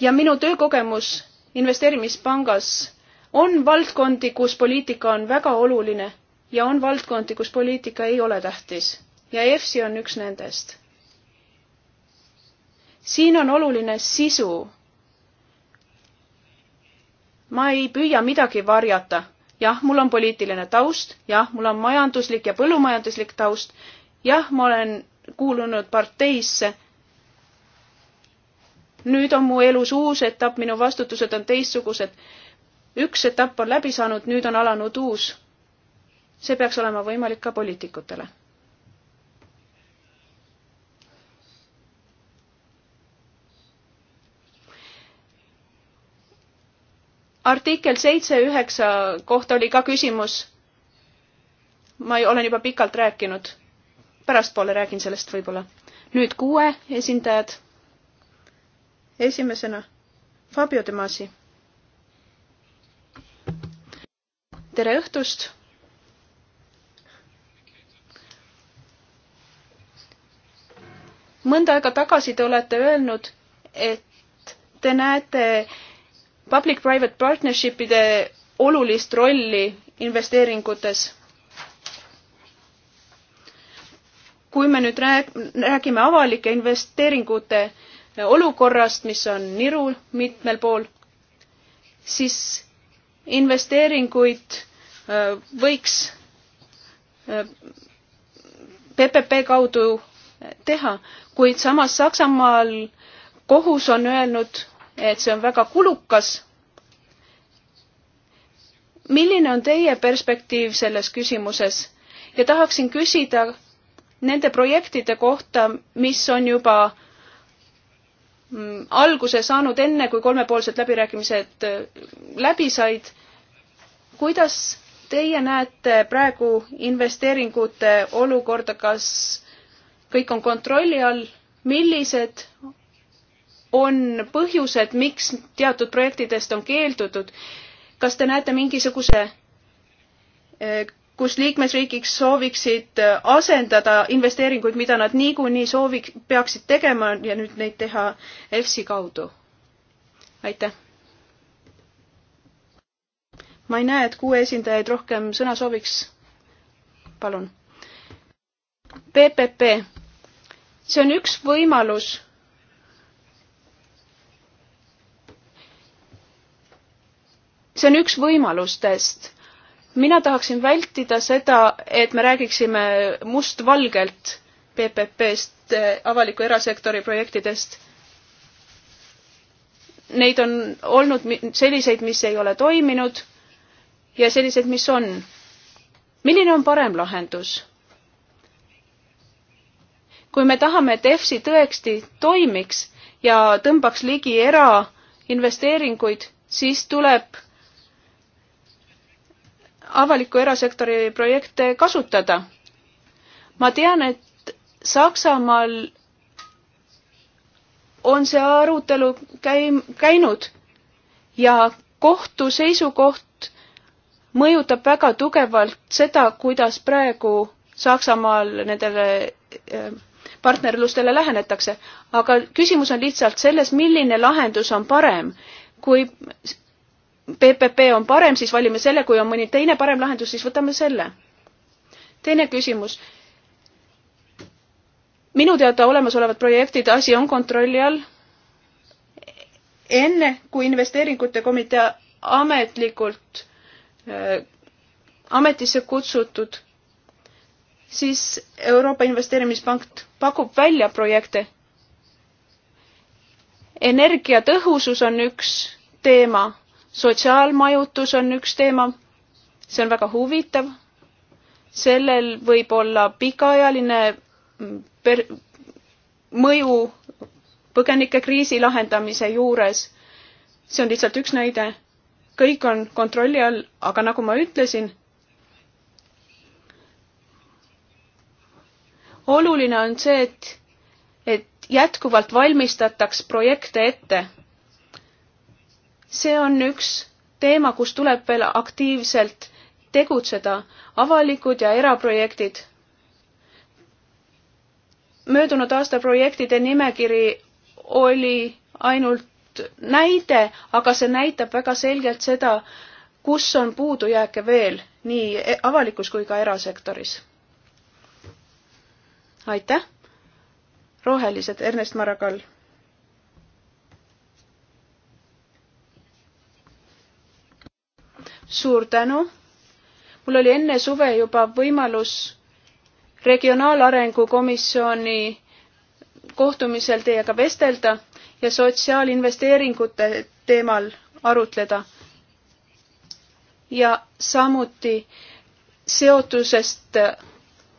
ja minu töökogemus investeerimispangas on valdkondi, kus poliitika on väga oluline ja on valdkondi, kus poliitika ei ole tähtis ja EFSI on üks nendest. siin on oluline sisu. ma ei püüa midagi varjata jah, mul on poliitiline taust, jah, mul on majanduslik ja põllumajanduslik taust, jah, ma olen kuulunud parteisse. nüüd on mu elus uus etapp, minu vastutused on teistsugused. üks etapp on läbi saanud, nüüd on alanud uus. see peaks olema võimalik ka poliitikutele artikkel seitse üheksa kohta oli ka küsimus. ma ei, olen juba pikalt rääkinud. pärastpoole räägin sellest võib-olla. nüüd kuue esindajad. esimesena Fabio De Masi. tere õhtust. mõnda aega tagasi te olete öelnud, et te näete public-private partnership ide olulist rolli investeeringutes. kui me nüüd rääg-, räägime avalike investeeringute olukorrast, mis on niru mitmel pool, siis investeeringuid äh, võiks PPP äh, kaudu teha, kuid samas Saksamaal kohus on öelnud, et see on väga kulukas. milline on teie perspektiiv selles küsimuses ja tahaksin küsida nende projektide kohta, mis on juba mm, alguse saanud enne, kui kolmepoolsed läbirääkimised äh, läbi said. kuidas teie näete praegu investeeringute olukorda, kas kõik on kontrolli all, millised on põhjused, miks teatud projektidest on keeldutud. kas te näete mingisuguse, eh, kus liikmesriigiks sooviksid eh, asendada investeeringuid, mida nad niikuinii soovik-, peaksid tegema ja nüüd neid teha EFSI kaudu? aitäh. ma ei näe, et kuue esindajaid rohkem sõna sooviks. palun. PPP, see on üks võimalus see on üks võimalustest. mina tahaksin vältida seda, et me räägiksime mustvalgelt PPP-st, avaliku erasektori projektidest. Neid on olnud selliseid, mis ei ole toiminud ja sellised, mis on. milline on parem lahendus? kui me tahame, et EFSI tõesti toimiks ja tõmbaks ligi erainvesteeringuid, siis tuleb avaliku erasektori projekte kasutada. ma tean, et Saksamaal on see arutelu käim-, käinud ja kohtu seisukoht mõjutab väga tugevalt seda, kuidas praegu Saksamaal nendele eh, partnerlustele lähenetakse. aga küsimus on lihtsalt selles, milline lahendus on parem. kui PPP on parem, siis valime selle, kui on mõni teine parem lahendus, siis võtame selle. teine küsimus. minu teada olemasolevad projektid, asi on kontrolli all. enne kui investeeringute komitee ametlikult äh, ametisse kutsutud, siis Euroopa Investeerimispank pakub välja projekte. energiatõhusus on üks teema sotsiaalmajutus on üks teema, see on väga huvitav, sellel võib olla pikaajaline mm, per-, mõju põgenikekriisi lahendamise juures. see on lihtsalt üks näide. kõik on kontrolli all, aga nagu ma ütlesin, oluline on see, et, et jätkuvalt valmistataks projekte ette see on üks teema, kus tuleb veel aktiivselt tegutseda, avalikud ja eraprojektid. möödunud aasta projektide nimekiri oli ainult näide, aga see näitab väga selgelt seda, kus on puudujääke veel nii avalikus kui ka erasektoris. aitäh, rohelised, Ernest Maragall suur tänu. mul oli enne suve juba võimalus regionaalarengu komisjoni kohtumisel teiega vestelda ja sotsiaalinvesteeringute teemal arutleda. ja samuti seotusest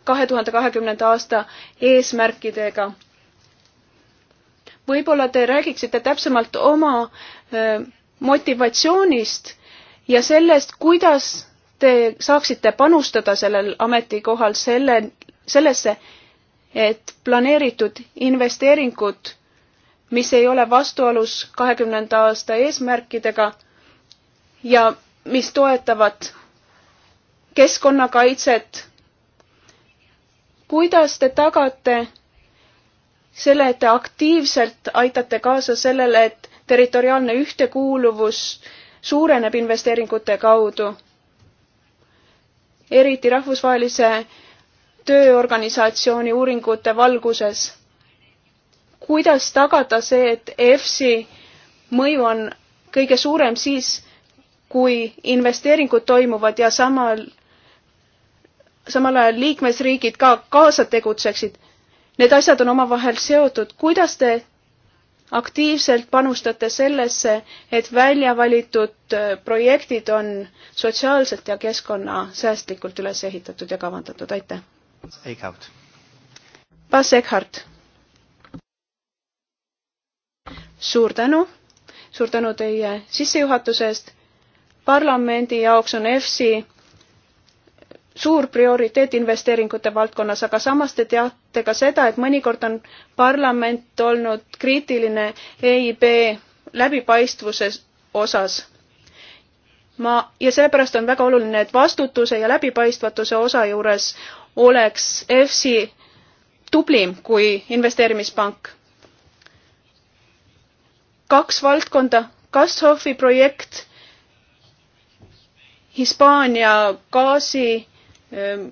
kahe tuhande kahekümnenda aasta eesmärkidega. võib-olla te räägiksite täpsemalt oma äh, motivatsioonist ja sellest, kuidas te saaksite panustada sellel ametikohal selle, sellesse, et planeeritud investeeringud, mis ei ole vastuolus kahekümnenda aasta eesmärkidega ja mis toetavad keskkonnakaitset, kuidas te tagate selle, et te aktiivselt aitate kaasa sellele, et territoriaalne ühtekuuluvus äh, suureneb investeeringute kaudu. eriti rahvusvahelise tööorganisatsiooni uuringute valguses. kuidas tagada see, et EFSI mõju on kõige suurem siis, kui investeeringud toimuvad ja samal, samal ajal liikmesriigid ka kaasa tegutseksid. Need asjad on omavahel seotud. kuidas te aktiivselt panustate sellesse, et välja valitud äh, projektid on sotsiaalselt ja keskkonnasäästlikult üles ehitatud ja kavandatud, aitäh! Bas Eckhardt. suur tänu, suur tänu teie sissejuhatuse eest. parlamendi jaoks on EFSI suur prioriteet investeeringute valdkonnas, aga samas te teate ka seda, et mõnikord on parlament olnud kriitiline EIB läbipaistvuse osas. ma, ja seepärast on väga oluline, et vastutuse ja läbipaistvatuse osa juures oleks EFSI tublim kui investeerimispank. kaks valdkonda, Kashofi projekt Hispaania gaasi Ehm,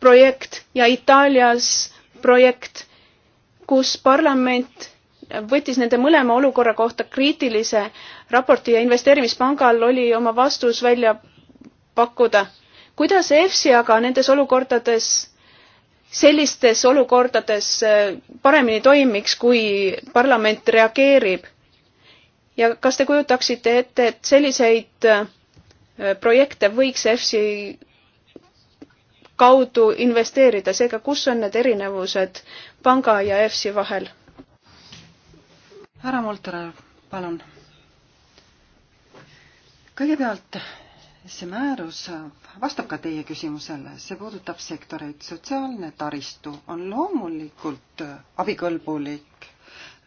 projekt ja Itaalias projekt, kus parlament võttis nende mõlema olukorra kohta kriitilise raporti ja investeerimispangal oli oma vastus välja pakkuda. kuidas EFSI aga nendes olukordades, sellistes olukordades eh, paremini toimiks, kui parlament reageerib? ja kas te kujutaksite ette, et selliseid eh, Äh, projekte võiks EFSI kaudu investeerida, seega kus on need erinevused panga ja EFSI vahel? härra Molterer, palun. kõigepealt see määrus vastab ka teie küsimusele, see puudutab sektoreid, sotsiaalne taristu on loomulikult abikõlbulik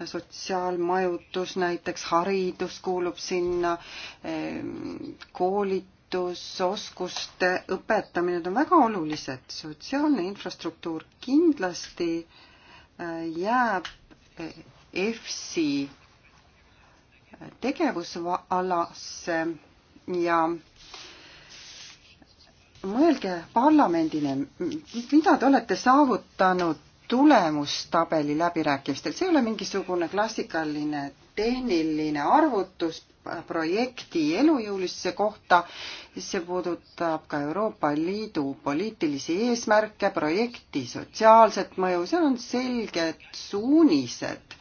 sotsiaalmajutus näiteks, haridus kuulub sinna, ehm, koolitus, oskuste õpetamine, need on väga olulised. sotsiaalne infrastruktuur kindlasti äh, jääb äh, EFSI äh, tegevusalasse ja mõelge parlamendile, mida te olete saavutanud tulemustabeli läbirääkimistel, see ei ole mingisugune klassikaline tehniline arvutus projekti elujõulisuse kohta, see puudutab ka Euroopa Liidu poliitilisi eesmärke, projekti sotsiaalset mõju, seal on selged suunised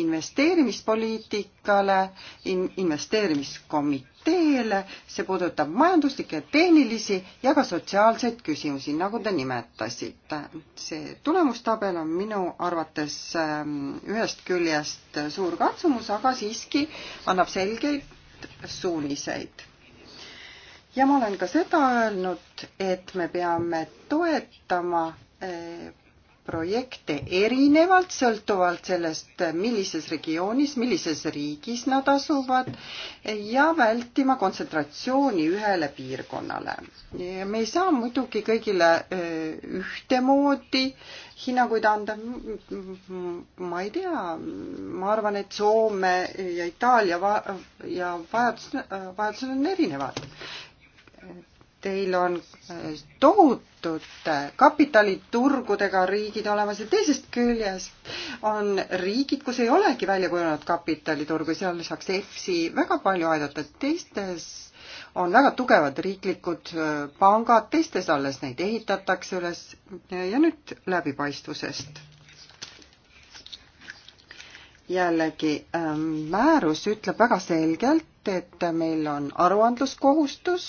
investeerimispoliitikale in,, investeerimiskomiteele, see puudutab majanduslikke, tehnilisi ja ka sotsiaalseid küsimusi, nagu te nimetasite. see tulemustabel on minu arvates ähm, ühest küljest suur katsumus, aga siiski annab selgeid suuniseid ja ma olen ka seda öelnud, et me peame toetama äh, projekte erinevalt, sõltuvalt sellest, millises regioonis, millises riigis nad asuvad ja vältima kontsentratsiooni ühele piirkonnale. me ei saa muidugi kõigile ühtemoodi hinnanguid anda. ma ei tea, ma arvan, et Soome ja Itaalia va ja vajadus, vajadused on erinevad. Teil on tohutu seotud kapitaliturgudega riigid olemas ja teisest küljest on riigid, kus ei olegi välja kujunenud kapitaliturgu, seal saaks EFSI väga palju aidata, teistes on väga tugevad riiklikud äh, pangad, teistes alles neid ehitatakse üles ja nüüd läbipaistvusest. jällegi, äh, määrus ütleb väga selgelt, et meil on aruandluskohustus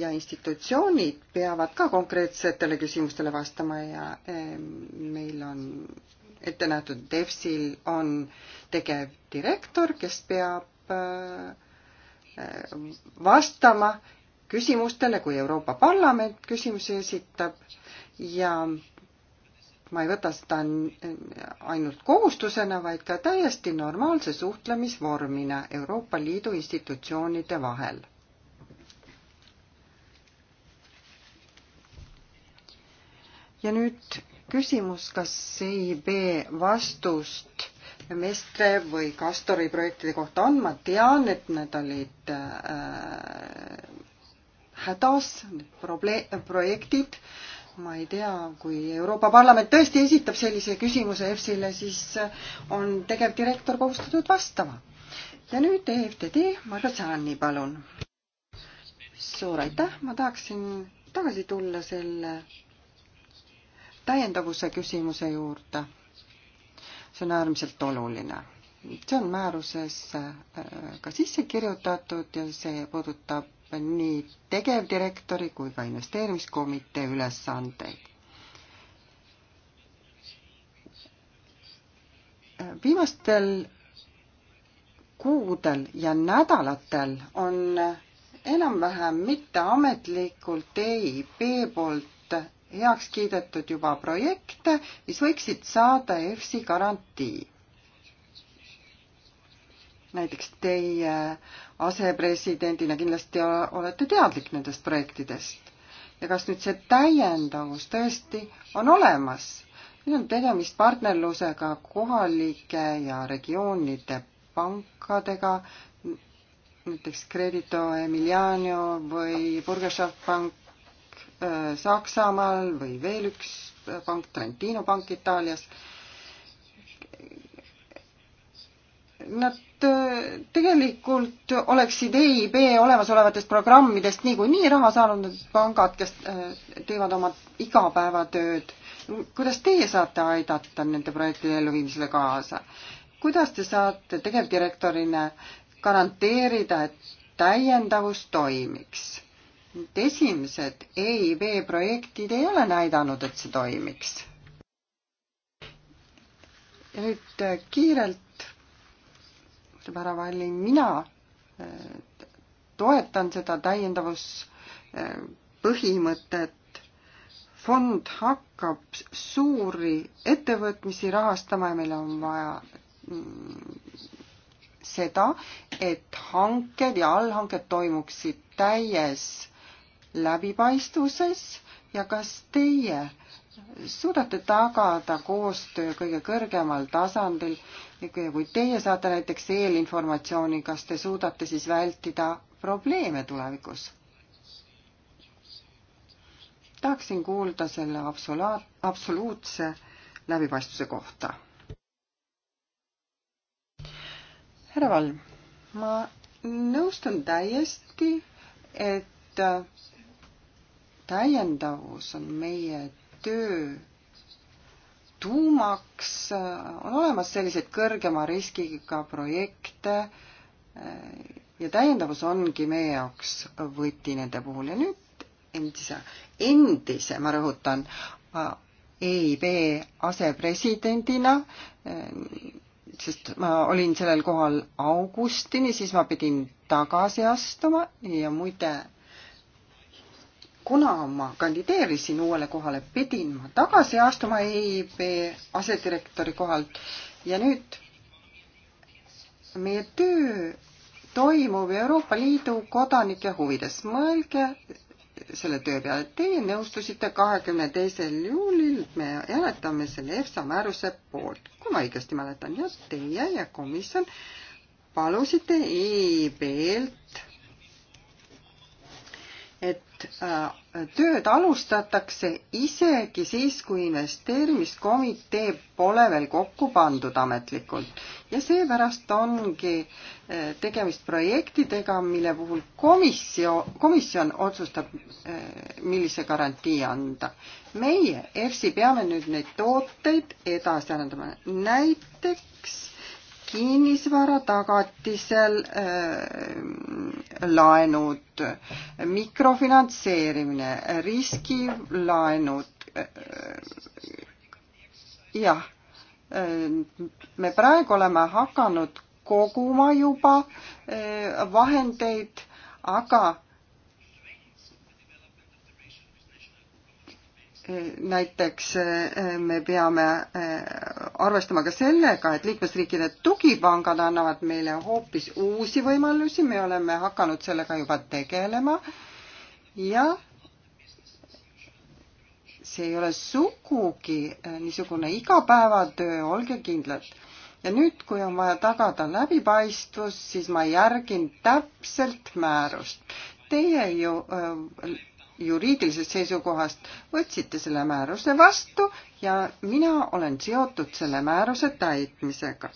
ja institutsioonid peavad ka konkreetsetele küsimustele vastama ja ehm, meil on ette nähtud, et EFSil on tegevdirektor, kes peab äh, äh, vastama küsimustele, kui Euroopa Parlament küsimusi esitab ja ma ei võta seda ainult kohustusena, vaid ka täiesti normaalse suhtlemisvormina Euroopa Liidu institutsioonide vahel. ja nüüd küsimus, kas EIB vastust Mestre või Kastori projektide kohta on, ma tean, et need olid äh, hädas, need probleem, projektid äh, ma ei tea, kui Euroopa Parlament tõesti esitab sellise küsimuse EFSile, siis on tegevdirektor kohustatud vastama. ja nüüd EFTD, Margo Saani, palun. suur aitäh, ma tahaksin tagasi tulla selle täiendavuse küsimuse juurde. see on äärmiselt oluline see on määruses äh, ka sisse kirjutatud ja see puudutab nii tegevdirektori kui ka investeerimiskomitee ülesandeid. viimastel kuudel ja nädalatel on enam-vähem mitteametlikult EIB poolt heaks kiidetud juba projekte, mis võiksid saada EFSI garantii näiteks teie asepresidendina kindlasti olete teadlik nendest projektidest. ja kas nüüd see täiendavus tõesti on olemas? nüüd on tegemist partnerlusega kohalike ja regioonide pankadega, näiteks Credito Emiliano või Burgerschaft pank äh, Saksamaal või veel üks äh, pank, Trentino pank Itaalias nad äh, tegelikult oleksid EIB olemasolevatest programmidest niikuinii raha saanud, need pangad, kes äh, teevad oma igapäevatööd. kuidas teie saate aidata nende projektide elluviimisele kaasa? kuidas te saate tegevdirektorina garanteerida, et täiendavus toimiks? et esimesed EIB projektid ei ole näidanud, et see toimiks. ja nüüd äh, kiirelt ütleb härra Valling, mina eh, toetan seda täiendavuspõhimõtet. Eh, fond hakkab suuri ettevõtmisi rahastama ja meil on vaja mm, seda, et hanked ja allhanked toimuksid täies läbipaistvuses ja kas teie suudate tagada koostöö kõige kõrgemal tasandil ja kui teie saate näiteks eelinformatsiooni, kas te suudate siis vältida probleeme tulevikus? tahaksin kuulda selle absoluut, absoluutse läbipaistvuse kohta. härra Valm, ma nõustun täiesti, et täiendavus on meie töö tuumaks, on olemas selliseid kõrgema riskiga projekte ja täiendavus ongi meie jaoks võti nende puhul ja nüüd endise, endise, ma rõhutan, EIB asepresidendina, sest ma olin sellel kohal augustini, siis ma pidin tagasi astuma ja muide kuna ma kandideerisin uuele kohale, pidin ma tagasi astuma EIB asedirektori kohalt ja nüüd meie töö toimub Euroopa Liidu kodanike huvides. mõelge selle töö peale. Teie nõustusite kahekümne teisel juulil, me hääletame selle EFSA määruse poolt, kui ma õigesti mäletan, ja teie ja komisjon palusite EIB-lt et et äh, tööd alustatakse isegi siis, kui investeerimiskomitee pole veel kokku pandud ametlikult ja seepärast ongi äh, tegemist projektidega, mille puhul komisjon, komisjon otsustab, äh, millise garantii anda. meie EFSI peame nüüd neid tooteid edasi arendama, näiteks kinnisvara tagatisel äh, laenud, mikrofinantseerimine, riskilaenud äh,. jah äh,, me praegu oleme hakanud koguma juba äh, vahendeid, aga näiteks eh, me peame eh, arvestama ka sellega, et liikmesriikide tugipangad annavad meile hoopis uusi võimalusi, me oleme hakanud sellega juba tegelema ja see ei ole sugugi eh, niisugune igapäevatöö, olge kindlad. ja nüüd, kui on vaja tagada läbipaistvus, siis ma järgin täpselt määrust. Teie ju juriidilisest seisukohast võtsite selle määruse vastu ja mina olen seotud selle määruse täitmisega.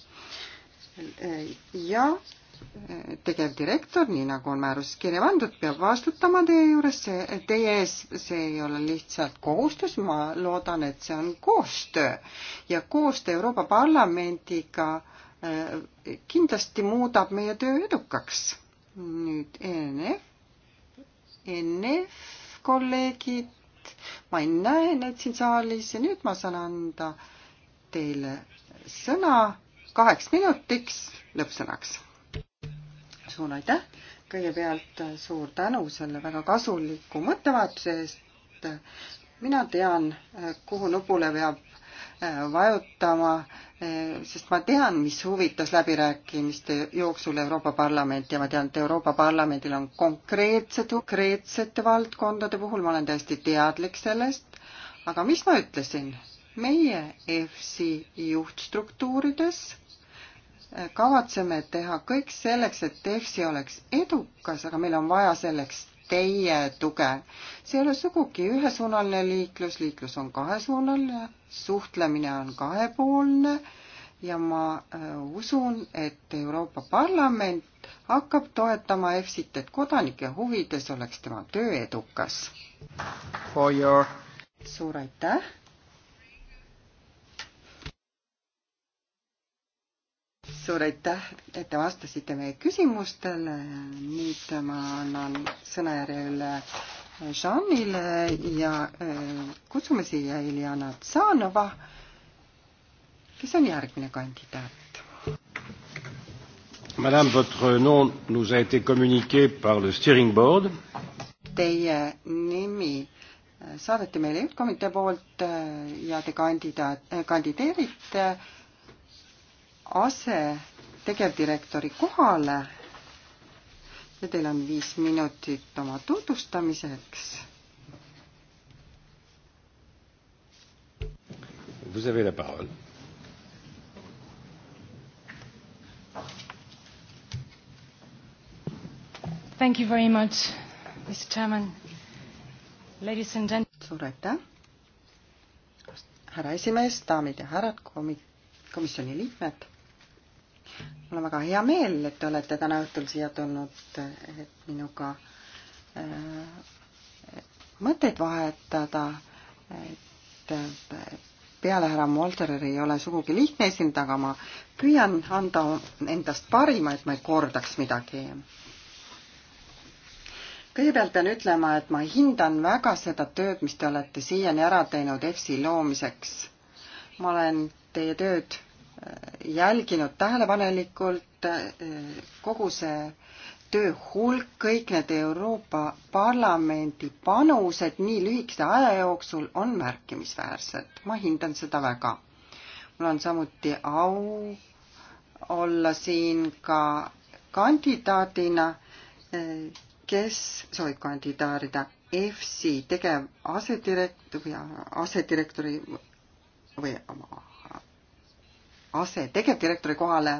ja tegevdirektor, nii nagu on määruses kirja pandud, peab vastutama teie juures, see, teie ees, see ei ole lihtsalt kohustus, ma loodan, et see on koostöö ja koostöö Euroopa Parlamendiga eh, kindlasti muudab meie töö edukaks. nüüd ENF, ENF kolleegid, ma ei näe neid siin saalis ja nüüd ma saan anda teile sõna kaheks minutiks lõppsõnaks. suur aitäh, kõigepealt suur tänu selle väga kasuliku mõttevahetuse eest. mina tean, kuhu nupule peab vajutama, sest ma tean, mis huvitas läbirääkimiste jooksul Euroopa Parlamenti ja ma tean, et Euroopa Parlamendil on konkreetsed, konkreetsete valdkondade puhul, ma olen täiesti teadlik sellest, aga mis ma ütlesin? meie EFSi juhtstruktuurides kavatseme teha kõik selleks, et EFSi oleks edukas, aga meil on vaja selleks teie tuge. see ei ole sugugi ühesuunaline liiklus, liiklus on kahesuunaline, suhtlemine on kahepoolne ja ma äh, usun, et Euroopa Parlament hakkab toetama EFSit, et kodanike huvides oleks tema töö edukas. Your... suur aitäh suur aitäh, et te vastasite meie küsimustele. nüüd ma annan sõnajärje üle Žanile ja äh, kutsume siia Iljana Tsanova, kes on järgmine kandidaat. Madame, votre nom nous a été communiqué par le steering board. Teie nimi äh, saadeti meile juhtkomitee poolt äh, ja te kandidaat, kandideerite ase tegevdirektori kohale ja teil on viis minutit oma tutvustamiseks. Vous avez la parole. Thank you very much, Mr. Chairman. Ladies and gentlemen. suur aitäh, härra esimees, daamid ja härrad, komi-, komisjoni liikmed mul on väga hea meel, et te olete täna õhtul siia tulnud, et minuga äh, mõtteid vahetada, et peale härra Moltereri ei ole sugugi lihtne esinda, aga ma püüan anda endast parima, et ma ei kordaks midagi. kõigepealt pean ütlema, et ma hindan väga seda tööd, mis te olete siiani ära teinud EFSi loomiseks. ma olen teie tööd jälginud tähelepanelikult eh, kogu see töö hulk, kõik need Euroopa Parlamendi panused nii lühikese aja jooksul on märkimisväärsed. ma hindan seda väga. mul on samuti au olla siin ka kandidaadina, eh, kes soovib kandidaarida EFSI tegev asedirektor või asedirektori või oma ase tegevdirektori kohale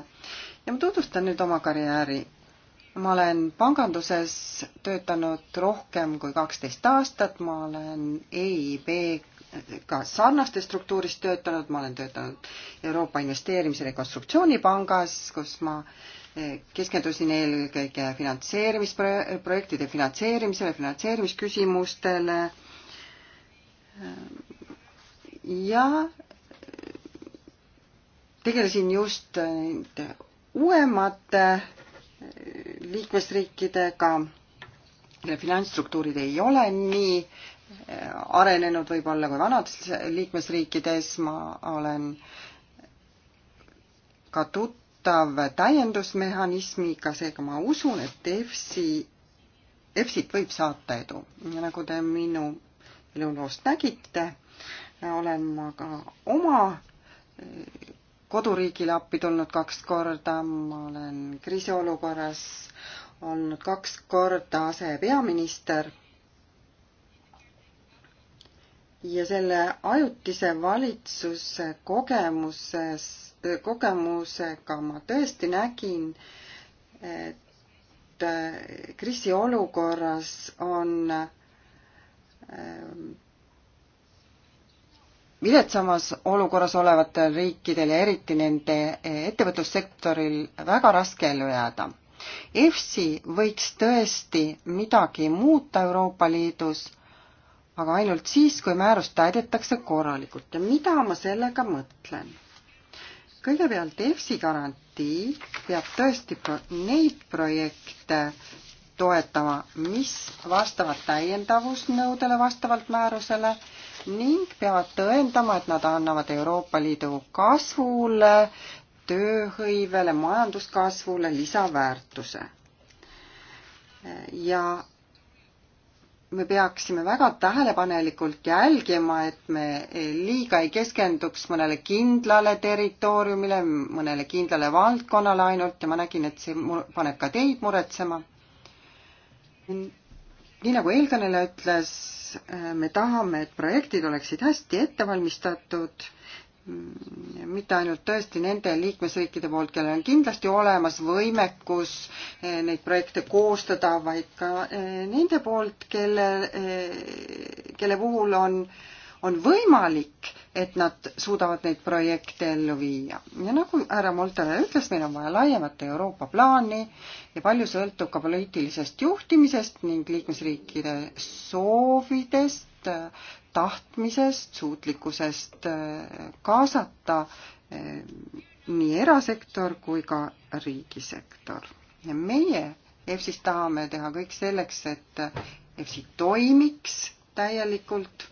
ja ma tutvustan nüüd oma karjääri. ma olen panganduses töötanud rohkem kui kaksteist aastat, ma olen EIB-ga sarnastes struktuuris töötanud, ma olen töötanud Euroopa Investeerimis- ja Rekonstruktsioonipangas, kus ma eh, keskendusin eelkõige finantseerimisprojektide finantseerimisele, finantseerimisküsimustele ja tegelesin just äh, nende uuemate äh, liikmesriikidega, kelle finantsstruktuurid ei ole nii äh, arenenud võib-olla kui vanades liikmesriikides, ma olen ka tuttav täiendusmehhanismiga, seega ma usun, et EFSi, EFSit võib saata edu. ja nagu te minu eluloost nägite, olen ma ka oma koduriigile appi tulnud kaks korda, ma olen kriisiolukorras olnud kaks korda asepeaminister. ja selle ajutise valitsuse kogemuses, kogemusega ma tõesti nägin, et kriisiolukorras on viletsamas olukorras olevatel riikidel ja eriti nende eh, ettevõtlussektoril väga raske ellu jääda. EFSI võiks tõesti midagi muuta Euroopa Liidus, aga ainult siis, kui määrust täidetakse korralikult ja mida ma sellega mõtlen? kõigepealt EFSI garantii peab tõesti pro neid projekte toetama, mis vastavad täiendavusnõudele vastavalt määrusele ning peavad tõendama, et nad annavad Euroopa Liidu kasvule, tööhõivele, majanduskasvule lisaväärtuse. ja me peaksime väga tähelepanelikult jälgima, et me liiga ei keskenduks mõnele kindlale territooriumile, mõnele kindlale valdkonnale ainult ja ma nägin, et see paneb ka teid muretsema nii nagu eelkõneleja ütles, äh, me tahame, et projektid oleksid hästi ette valmistatud, mm, mitte ainult tõesti nende liikmesriikide poolt, kellel on kindlasti olemas võimekus äh, neid projekte koostada, vaid ka äh, nende poolt, kelle, kelle puhul on äh, on võimalik, et nad suudavad neid projekte ellu viia. ja nagu härra Moltele ütles, meil on vaja laiemat Euroopa plaani ja palju sõltub ka poliitilisest juhtimisest ning liikmesriikide soovidest, tahtmisest, suutlikkusest eh, kaasata eh, nii erasektor kui ka riigisektor. ja meie EFSis tahame teha kõik selleks, et EFSi toimiks täielikult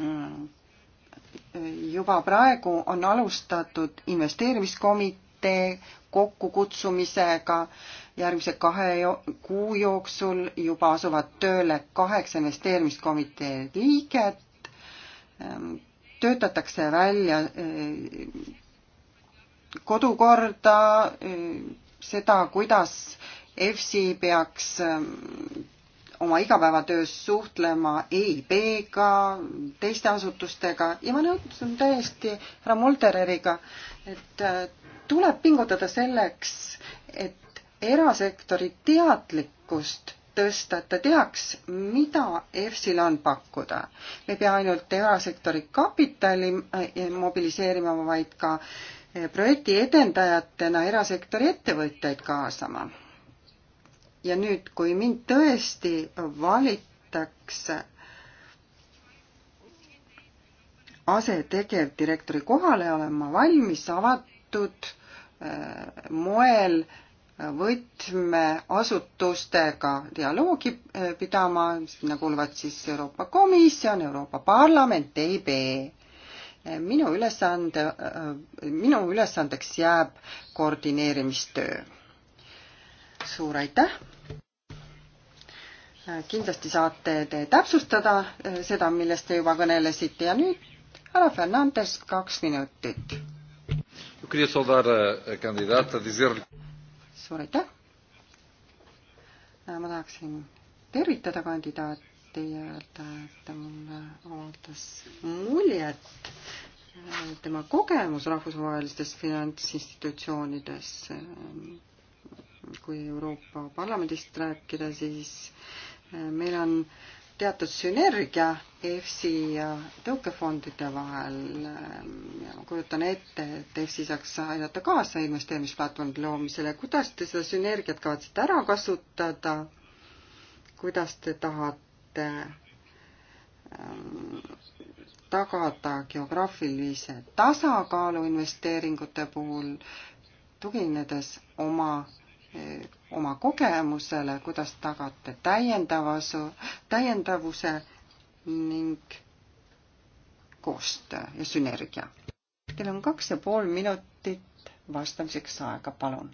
Äh, juba praegu on alustatud investeerimiskomitee kokkukutsumisega järgmise kahe kuu jooksul juba asuvad tööle kaheksa investeerimiskomitee liiget. Ähm, töötatakse välja äh, kodukorda, äh, seda, kuidas EFSI peaks ähm, oma igapäevatöös suhtlema EIB-ga, teiste asutustega ja ma nõustun täiesti härra Moltereriga, et äh, tuleb pingutada selleks, et erasektori teadlikkust tõsta, et ta teaks, mida EFSil on pakkuda. me ei pea ainult erasektori kapitali äh, mobiliseerima, vaid ka äh, projekti edendajatena erasektori ettevõtjaid kaasama ja nüüd, kui mind tõesti valitakse asetegevdirektori kohale, olen ma valmis avatud äh, moel äh, võtmeasutustega dialoogi äh, pidama, sinna kuuluvad siis Euroopa Komisjon, Euroopa Parlament, EIB. minu ülesande, minu ülesandeks jääb koordineerimistöö suur aitäh! kindlasti saate te täpsustada eh, seda, millest te juba kõnelesite ja nüüd härra Fernandes, kaks minutit. suur aitäh! ma tahaksin tervitada kandidaati ja öelda, et ta mulle avaldas muljet, tema kogemus rahvusvahelistes finantsinstitutsioonides kui Euroopa Parlamendist rääkida, siis äh, meil on teatud sünergia EFSI ja tõukefondide vahel äh, ja ma kujutan ette, et EFSI saaks aidata kaasa investeerimisplatvormi loomisele. kuidas te seda sünergiat kavatsete ära kasutada? kuidas te tahate äh, tagada geograafilise tasakaalu investeeringute puhul, tuginedes oma Eh, oma kogemusele, kuidas tagate täiendavasu, täiendavuse ning koostöö ja sünergia. Teil on kaks ja pool minutit vastamiseks aega, palun.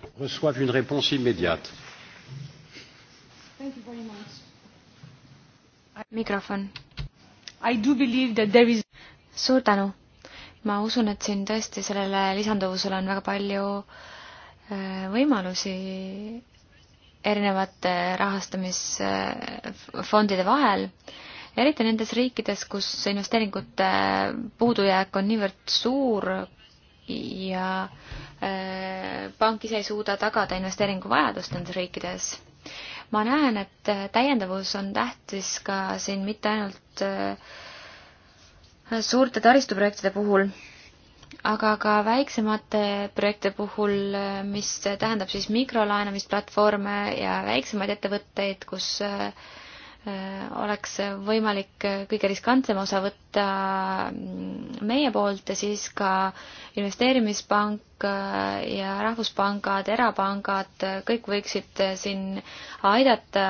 mikrofon. Is... suur tänu. ma usun, et siin tõesti sellele lisanduvusele on väga palju äh, Äh, võimalusi erinevate rahastamisfondide vahel, eriti nendes riikides, kus investeeringute puudujääk on niivõrd suur ja äh, pank ise ei suuda tagada investeeringuvajadust nendes riikides. ma näen, et täiendavus on tähtis ka siin mitte ainult äh, suurte taristuprojektide puhul aga ka väiksemate projekte puhul, mis tähendab siis mikrolaenamisplatvorme ja väiksemaid ettevõtteid, kus äh, oleks võimalik kõige riskantsem osa võtta meie poolt ja siis ka investeerimispank äh, ja rahvuspangad, erapangad, äh, kõik võiksid siin aidata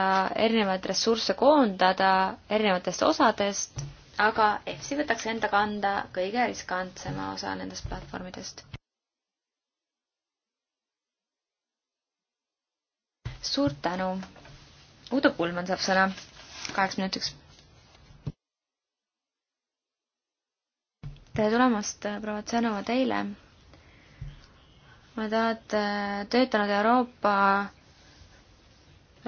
erinevaid ressursse koondada erinevatest osadest aga EFSI võtaks enda kanda kõige riskantsema osa nendest platvormidest. suur tänu. Uudo Pulman saab sõna kaheks minutiks. tere tulemast, proua Tsenova, teile. oled alati äh, töötanud Euroopa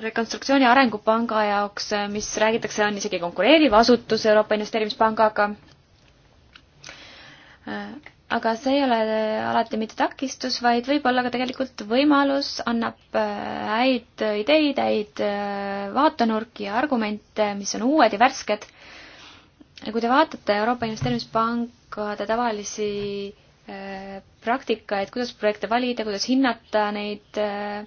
rekonstruktsiooni arengupanga jaoks, eh, mis räägitakse, on isegi konkureeriv asutus Euroopa Investeerimispangaga. Eh, aga see ei ole eh, alati mitte takistus, vaid võib olla ka tegelikult võimalus, annab häid ideid, häid vaatenurki ja argumente, mis on uued ja värsked. ja kui te vaatate Euroopa Investeerimispankade tavalisi praktika, et kuidas projekte valida, kuidas hinnata neid äh,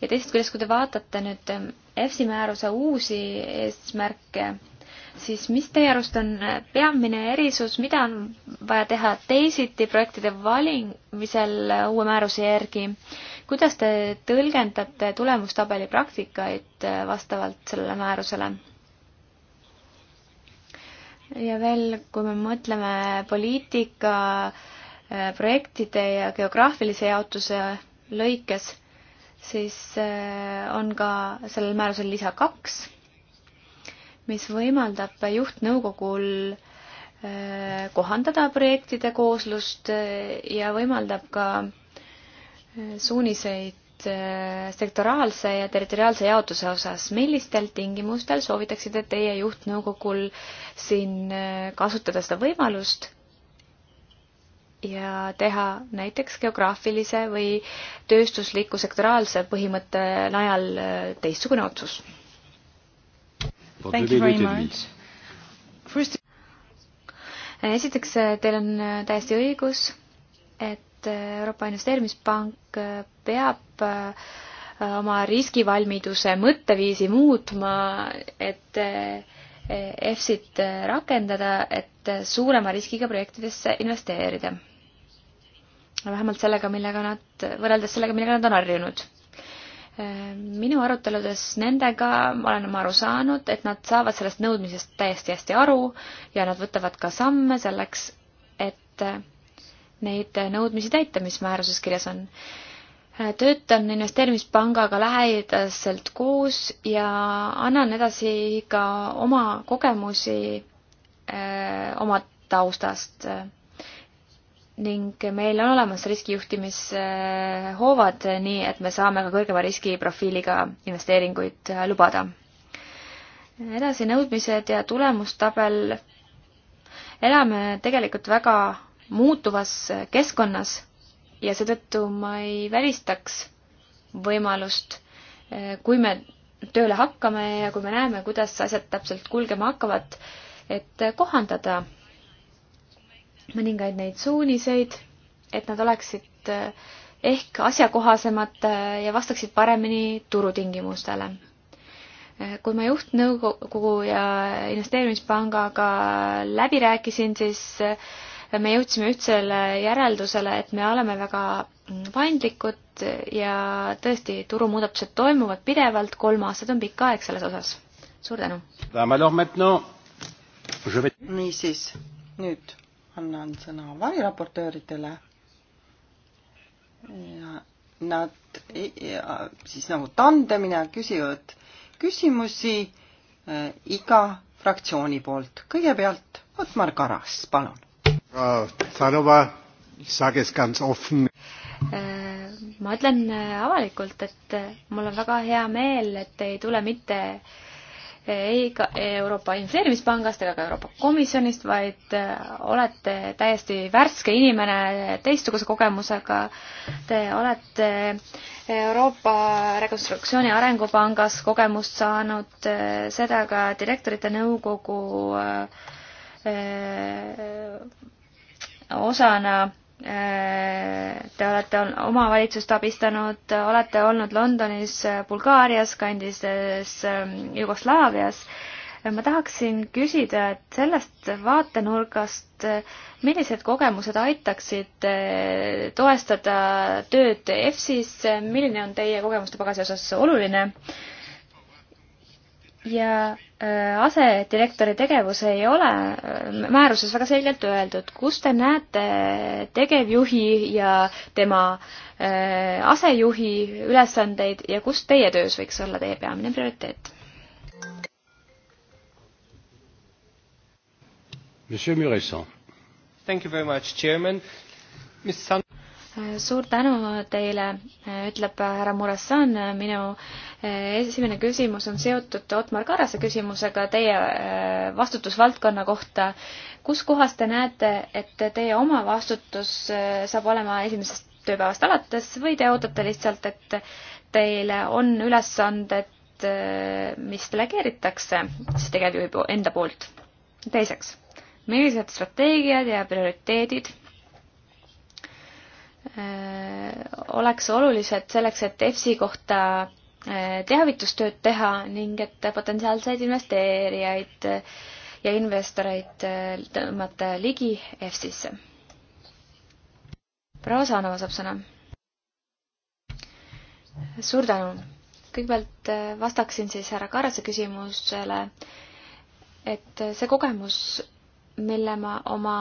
ja teisest küljest, kui te vaatate nüüd EFSI ähm, määruse uusi eesmärke, siis mis teie arust on äh, peamine erisus, mida on vaja teha teisiti projektide valimisel äh, uue määruse järgi? kuidas te tõlgendate tulemustabeli praktikaid äh, vastavalt sellele määrusele? ja veel, kui me mõtleme poliitika projektide ja geograafilise jaotuse lõikes siis äh, on ka sellel määrusel lisa kaks, mis võimaldab juhtnõukogul äh, kohandada projektide kooslust äh, ja võimaldab ka suuniseid sektoraalse ja territoriaalse jaotuse osas, millistel tingimustel soovitaksite teie juhtnõukogul siin kasutada seda võimalust ja teha näiteks geograafilise või tööstusliku sektoraalse põhimõtte najal äh, teistsugune otsus. First... esiteks, äh, teil on äh, täiesti õigus, et Euroopa Investeerimispank peab oma riskivalmiduse mõtteviisi muutma, et EFSit rakendada, et suurema riskiga projektidesse investeerida. vähemalt sellega, millega nad, võrreldes sellega, millega nad on harjunud. minu aruteludes nendega ma olen oma aru saanud, et nad saavad sellest nõudmisest täiesti hästi aru ja nad võtavad ka samme selleks, et neid nõudmisi täita, mis määruses kirjas on Äh, töötan investeerimispangaga lähedaselt koos ja annan edasi ka oma kogemusi öö, äh, oma taustast. ning meil on olemas riskijuhtimishoovad, äh, nii et me saame ka kõrgema riskiprofiiliga investeeringuid lubada. edasi nõudmised ja tulemustabel. elame tegelikult väga muutuvas keskkonnas ja seetõttu ma ei välistaks võimalust, eh, kui me tööle hakkame ja kui me näeme, kuidas asjad täpselt kulgema hakkavad, et eh, kohandada mõningaid neid suuniseid, et nad oleksid eh, ehk asjakohasemad ja vastaksid paremini turutingimustele. kui ma juhtnõukogu ja investeerimispangaga läbi rääkisin, siis me jõudsime ühtsele järeldusele, et me oleme väga paindlikud ja tõesti, turumuudatused toimuvad pidevalt, kolm aastat on pikk aeg selles osas. suur tänu! niisiis, nüüd annan sõna variraportööridele ja nad ja, siis nagu tandemina küsivad küsimusi äh, iga fraktsiooni poolt. kõigepealt Otmar Karas, palun. Zanova, äh, ma ütlen äh, avalikult, et äh, mul on väga hea meel, et ei tule mitte ei ka Euroopa Investeerimispangast ega ka Euroopa Komisjonist, vaid olete täiesti värske inimene teistsuguse kogemusega. Te olete Euroopa Rekonstruktsiooni Arengupangas kogemust saanud, seda ka direktorite nõukogu osana äh, Te olete omavalitsust abistanud, olete olnud Londonis, äh, Bulgaarias, kandises ähm, Jugoslaavias. ma tahaksin küsida, et sellest vaatenurgast, äh, millised kogemused aitaksid toestada tööd EFSis, milline on teie kogemuste pagasi osas oluline ja äh, asedirektori tegevus ei ole äh, määruses väga selgelt öeldud, kus te näete tegevjuhi ja tema äh, asejuhi ülesandeid ja kus teie töös võiks olla teie peamine prioriteet? Monsieur Muresson. Thank you very much, chairman. Miss San- suur tänu teile, ütleb härra Murassan, minu eh, esimene küsimus on seotud Otmar Karase küsimusega teie eh, vastutusvaldkonna kohta. kus kohas te näete, et teie oma vastutus eh, saab olema esimesest tööpäevast alates või te ootate lihtsalt, et teile on ülesanded, mis delegeeritakse siis tegevjuhi enda poolt? teiseks, millised strateegiad ja prioriteedid Äh, oleks olulised selleks, et EFSI kohta äh, teavitustööd teha ning et potentsiaalseid investeerijaid äh, ja investoreid tõmmata ligi EFSisse. proua Saanova saab sõna. suur tänu. kõigepealt vastaksin siis härra Kaarase küsimusele, et see kogemus, mille ma oma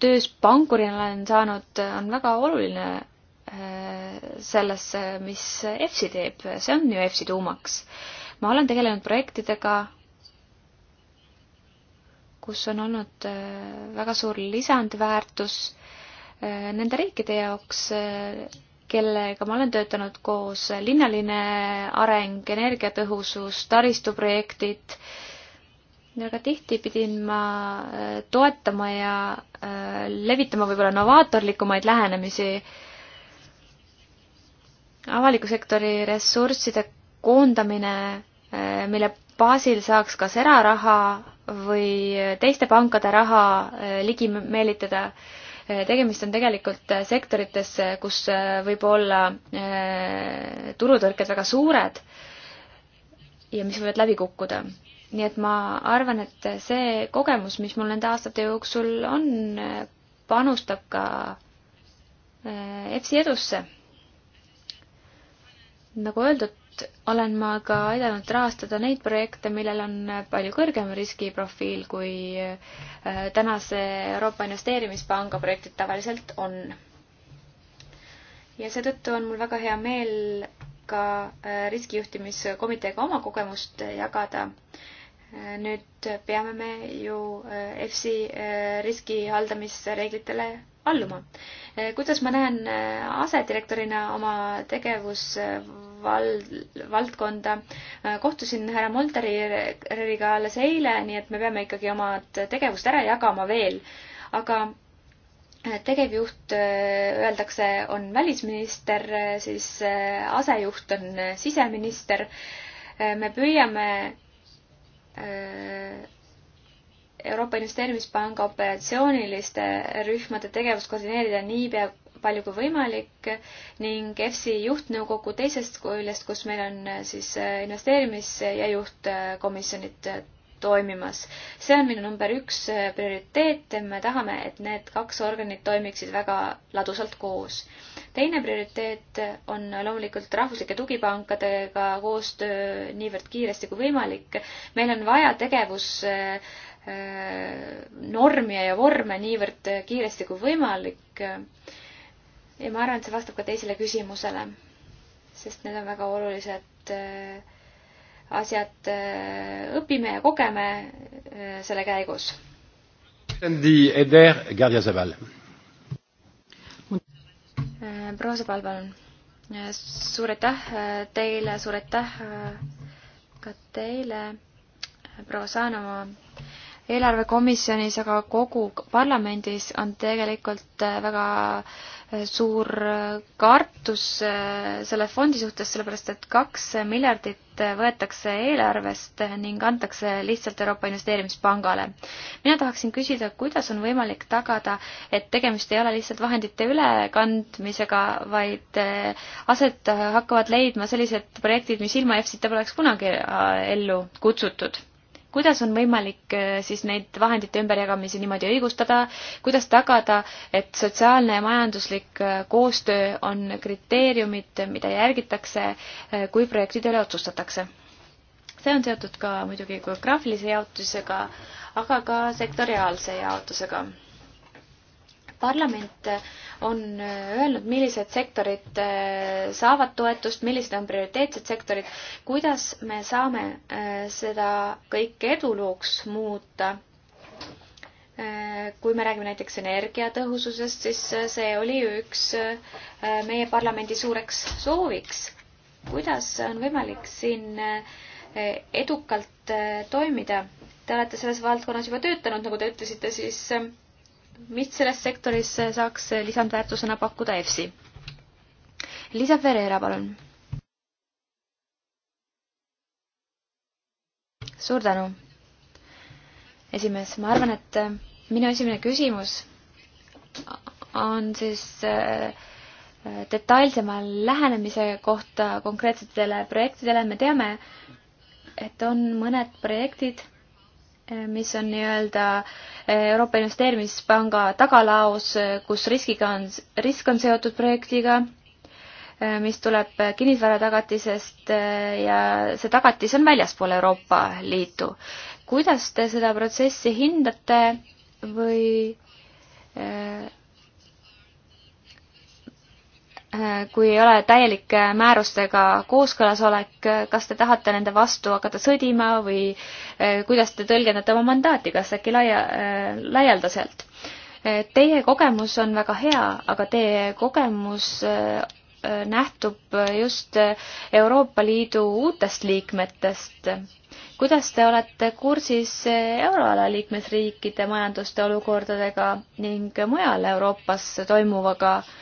töös pankurina olen saanud, on väga oluline äh, sellesse, mis EFSI teeb, see on ju EFSI tuumaks. ma olen tegelenud projektidega, kus on olnud äh, väga suur lisandväärtus äh, nende riikide jaoks, kellega ma olen töötanud koos linnaline areng, energiatõhusus, taristuprojektid äh,, väga tihti pidin ma äh, toetama ja äh, levitama võib-olla novaatorlikumaid lähenemisi avaliku sektori ressursside koondamine, äh, mille baasil saaks kas eraraha või teiste pankade raha ligi meelitada. tegemist on tegelikult sektoritesse, kus võib olla turutõrked väga suured ja mis võivad läbi kukkuda nii et ma arvan, et see kogemus, mis mul nende aastate jooksul on, panustab ka äh, EFSi edusse. nagu öeldud, olen ma ka aidanud rahastada neid projekte, millel on palju kõrgem riskiprofiil, kui äh, tänase Euroopa Investeerimispanga projektid tavaliselt on. ja seetõttu on mul väga hea meel ka äh, riskijuhtimiskomiteega oma kogemust jagada nüüd peame me ju eh, EFSI eh, riski haldamisreeglitele alluma. Eh, kuidas ma näen asedirektorina oma tegevusval-, valdkonda, kohtusin härra Molteriga alles eile, nii et me peame ikkagi omad tegevust ära jagama veel, aga tegevjuht öeldakse, on välisminister, siis asejuht on siseminister. me püüame Euroopa Investeerimispanga operatsiooniliste rühmade tegevust koordineerida niipea palju kui võimalik ning EFSI juhtnõukogu teisest küljest, kus meil on eh, siis eh, investeerimis- ja juhtkomisjonid eh, toimimas. see on minu number üks prioriteet, me tahame, et need kaks organit toimiksid väga ladusalt koos teine prioriteet on loomulikult rahvuslike tugipankadega koostöö niivõrd kiiresti kui võimalik. meil on vaja tegevusnormi äh, ja vorme niivõrd kiiresti kui võimalik. ja ma arvan, et see vastab ka teisele küsimusele, sest need on väga olulised äh, asjad, äh, õpime ja kogeme selle käigus. Eder Gardiazabal proua Sõbal, palun. suur aitäh äh, teile, suur aitäh äh, ka teile, äh, proua Saanemaa. eelarvekomisjonis, aga kogu parlamendis on tegelikult väga äh, suur kartus äh, selle fondi suhtes, sellepärast et kaks miljardit võetakse eelarvest ning antakse lihtsalt Euroopa Investeerimispangale. mina tahaksin küsida, kuidas on võimalik tagada, et tegemist ei ole lihtsalt vahendite ülekandmisega, vaid äh, aset hakkavad leidma sellised projektid, mis ilma EFSita poleks kunagi äh, ellu kutsutud kuidas on võimalik äh, siis neid vahendite ümberjagamisi niimoodi õigustada, kuidas tagada, et sotsiaalne ja majanduslik äh, koostöö on kriteeriumid, mida järgitakse, äh, kui projektide üle otsustatakse? see on seotud ka muidugi geograafilise jaotusega, aga ka sektoriaalse jaotusega parlament on öelnud, millised sektorid äh, saavad toetust, millised on prioriteetsed sektorid, kuidas me saame äh, seda kõike edulooks muuta äh, kui me räägime näiteks energiatõhususest, siis see oli ju üks meie parlamendi suureks sooviks. kuidas on võimalik siin edukalt toimida? Te olete selles valdkonnas juba töötanud, nagu te ütlesite, siis mis selles sektoris saaks lisandväärtusena pakkuda EFSI? Liisa Ferreira, palun. suur tänu, esimees. ma arvan, et minu esimene küsimus on siis äh, detailsema lähenemise kohta konkreetsetele projektidele. me teame, et on mõned projektid Eh, mis on nii-öelda eh, Euroopa Investeerimispanga tagalaos, eh, kus riskiga on, risk on seotud projektiga, mis tuleb kinnisvaratagatisest ja see tagatis on väljaspool Euroopa Liitu. kuidas te seda protsessi hindate või Äh, kui ei ole täielik äh, määrustega kooskõlas olek, äh, kas te tahate nende vastu hakata sõdima või kuidas te tõlgendate oma mandaati, kas äkki laia, laialdaselt? Teie kogemus on väga hea, aga teie kogemus nähtub just Euroopa Liidu uutest liikmetest. kuidas te olete kursis euroala liikmesriikide majanduste olukordadega ning mujal Euroopas toimuvaga äh,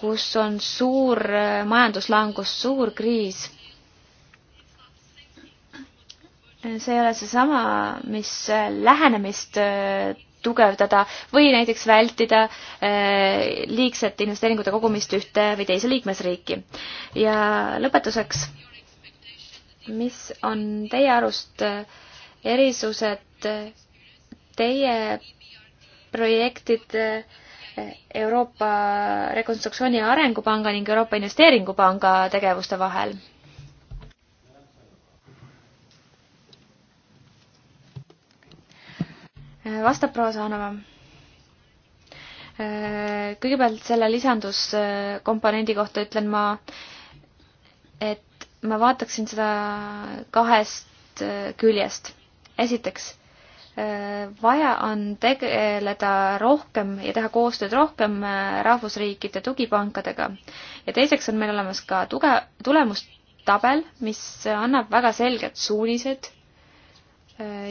kus on suur äh, majanduslangus, suur kriis. see ei ole seesama, mis äh, lähenemist äh, tugevdada või näiteks vältida liigset investeeringute kogumist ühte või teise liikmesriiki. ja lõpetuseks, mis on teie arust erisused teie projektide Euroopa Rekonstruktsiooni ja Arengupanga ning Euroopa Investeeringupanga tegevuste vahel. vastab proua Saanova. kõigepealt selle lisanduskomponendi kohta ütlen ma, et ma vaataksin seda kahest küljest. esiteks Äh, vaja on tegeleda rohkem ja teha koostööd rohkem äh, rahvusriikide tugipankadega. ja teiseks on meil olemas ka tuge, tulemustabel, mis äh, annab väga selged suunised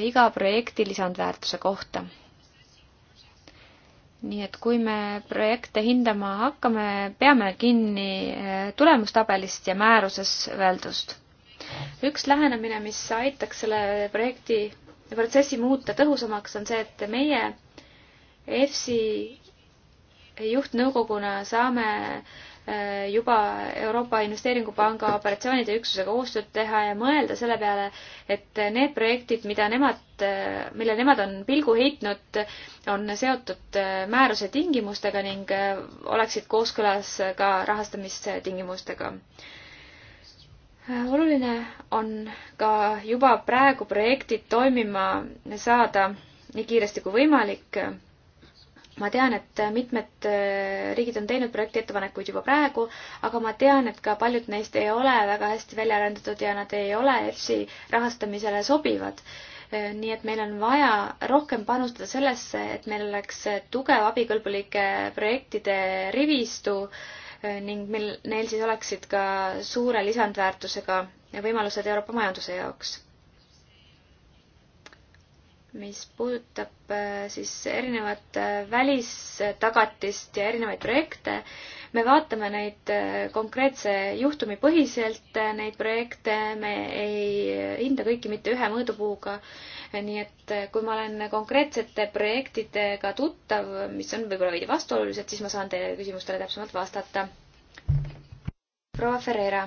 iga projekti lisandväärtuse kohta. nii et kui me projekte hindama hakkame, peame kinni tulemustabelist ja määruses öeldust. üks lähenemine, mis aitaks selle projekti protsessi muuta tõhusamaks, on see, et meie EFSI juhtnõukoguna saame äh, juba Euroopa Investeeringupanga operatsioonide üksusega koostööd teha ja mõelda selle peale, et need projektid, mida nemad, äh, mille nemad on pilgu heitnud, on seotud äh, määruse tingimustega ning oleksid kooskõlas ka rahastamistingimustega oluline on ka juba praegu projektid toimima saada nii kiiresti kui võimalik. ma tean, et mitmed äh, riigid on teinud projekti ettepanekuid juba praegu, aga ma tean, et ka paljud neist ei ole väga hästi välja arendatud ja nad ei ole EFSI rahastamisele sobivad äh, nii et meil on vaja rohkem panustada sellesse, et meil oleks tugev abikõlbulike projektide rivistu äh, ning mil neil siis oleksid ka suure lisandväärtusega võimalused Euroopa majanduse jaoks. mis puudutab äh, siis erinevat äh, välistagatist ja erinevaid projekte, me vaatame neid äh, konkreetse juhtumi põhiselt, neid projekte, me ei hinda kõiki mitte ühe mõõdupuuga nii et eh, kui ma olen konkreetsete projektidega tuttav, mis on võib-olla veidi vastuolulised, siis ma saan teie küsimustele täpsemalt vastata. proua Ferreira,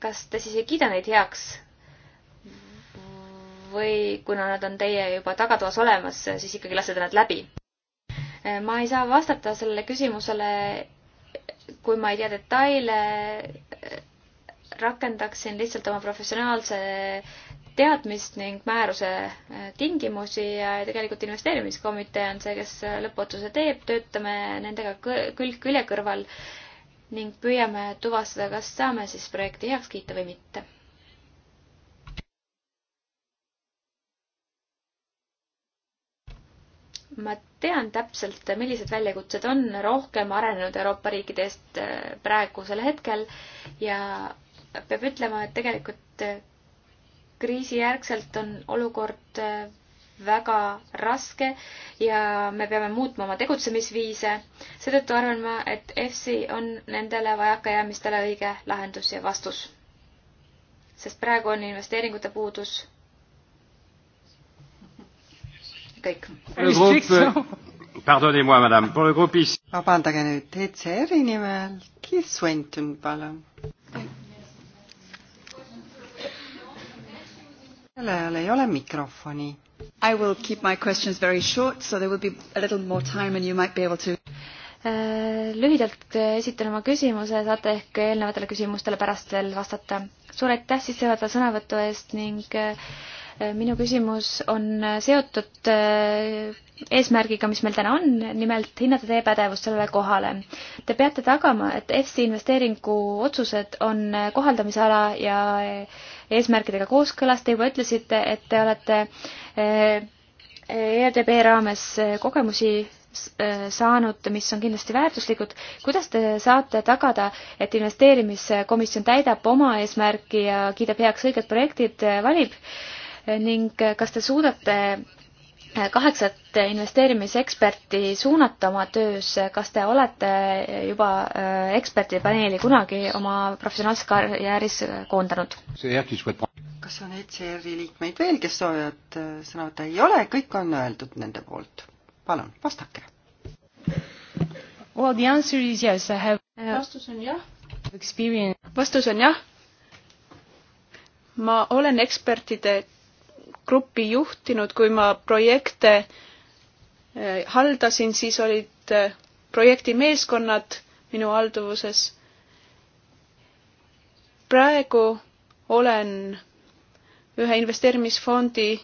kas te siis ei kiida neid heaks? või kuna nad on teie juba tagatoas olemas, siis ikkagi lasete nad läbi? Eh, ma ei saa vastata sellele küsimusele, kui ma ei tea detaile, eh, rakendaksin lihtsalt oma professionaalse teadmist ning määruse äh, tingimusi ja tegelikult investeerimiskomitee on see, kes äh, lõppotsuse teeb, töötame nendega külg külje kõrval ning püüame tuvastada, kas saame siis projekti heaks kiita või mitte. ma tean täpselt, millised väljakutsed on rohkem arenenud Euroopa riikidest äh, praegusel hetkel ja peab ütlema, et tegelikult kriisijärgselt on olukord äh, väga raske ja me peame muutma oma tegutsemisviise. seetõttu arvan ma, et EFSI on nendele vajakajäämistele õige lahendus ja vastus. sest praegu on investeeringute puudus. kõik. vabandage nüüd ECR-i nimel, Keith Swenton, palun. kõnelejal ei ole mikrofoni. I will keep my questions very short, so there will be a little more time and you might be able to äh, lühidalt äh, esitan oma küsimuse, saate ehk eelnevatele küsimustele pärast veel vastata. suur aitäh sissejuhatava sõnavõtu eest ning äh, minu küsimus on seotud eesmärgiga, mis meil täna on, nimelt hinnata teie pädevust sellele kohale. Te peate tagama, et EFSI investeeringu otsused on kohaldamise ala ja eesmärkidega kooskõlas. Te juba ütlesite, et te olete ERDB eh, e raames eh, kogemusi eh, saanud, mis on kindlasti väärtuslikud. kuidas te saate tagada, et investeerimiskomisjon täidab oma eesmärki ja kiidab heaks õiged projektid, valib ning kas te suudate kaheksat investeerimiseksperti suunata oma töös, kas te olete juba äh, eksperdipaneeli kunagi oma professionaalses karjääris koondanud? kas on ECR-i liikmeid veel, kes soovivad äh, sõna võtta? ei ole, kõik on öeldud nende poolt. palun, vastake. Well, the answer is yes, I have äh, vastus on jah. Experience. vastus on jah. ma olen ekspertide gruppi juhtinud, kui ma projekte eh, haldasin, siis olid eh, projektimeeskonnad minu halduvuses. praegu olen ühe investeerimisfondi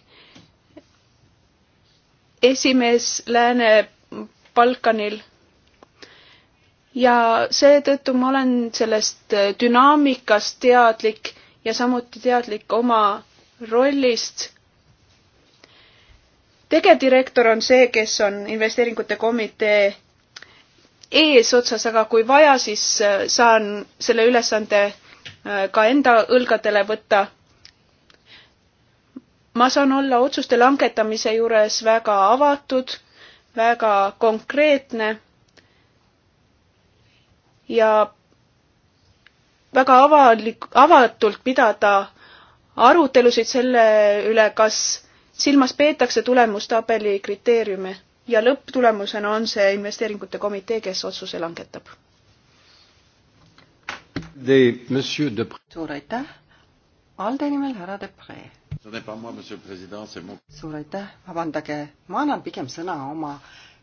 esimees Lääne-Balkanil. ja seetõttu ma olen sellest eh, dünaamikast teadlik ja samuti teadlik oma rollist tegevdirektor on see, kes on investeeringute komitee eesotsas, aga kui vaja, siis äh, saan selle ülesande äh, ka enda õlgadele võtta. ma saan olla otsuste langetamise juures väga avatud, väga konkreetne ja väga avalik, avatult pidada arutelusid selle üle, kas silmas peetakse tulemustabeli kriteeriume ja lõpptulemusena on see investeeringute komitee, kes otsuse langetab. suur aitäh. Alde nimel härra Depre. suur aitäh, vabandage, ma annan pigem sõna oma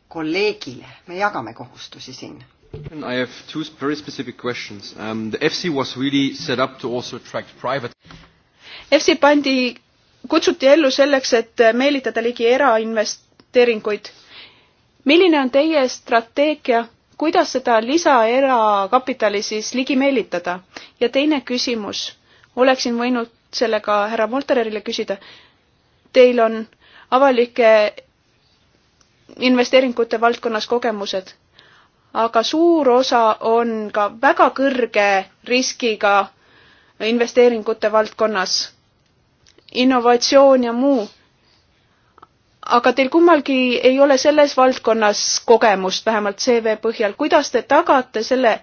kolleegile, me jagame kohustusi siin. I have two very specific questions um,. The FC was really set up to also attract private. FC pandi kutsuti ellu selleks, et meelitada ligi erainvesteeringuid. milline on teie strateegia, kuidas seda lisaerakapitali siis ligi meelitada? ja teine küsimus, oleksin võinud selle ka härra Moltererile küsida. Teil on avalike investeeringute valdkonnas kogemused, aga suur osa on ka väga kõrge riskiga investeeringute valdkonnas innovatsioon ja muu. aga teil kummalgi ei ole selles valdkonnas kogemust, vähemalt CV põhjal. kuidas te tagate selle,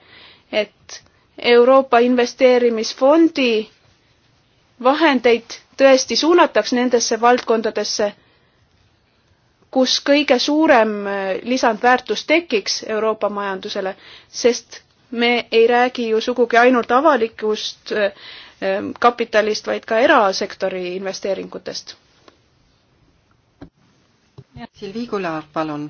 et Euroopa Investeerimisfondi vahendeid tõesti suunataks nendesse valdkondadesse, kus kõige suurem lisandväärtus tekiks Euroopa majandusele, sest me ei räägi ju sugugi ainult avalikust Ähm, kapitalist, vaid ka erasektori investeeringutest. Silvi Kular, palun.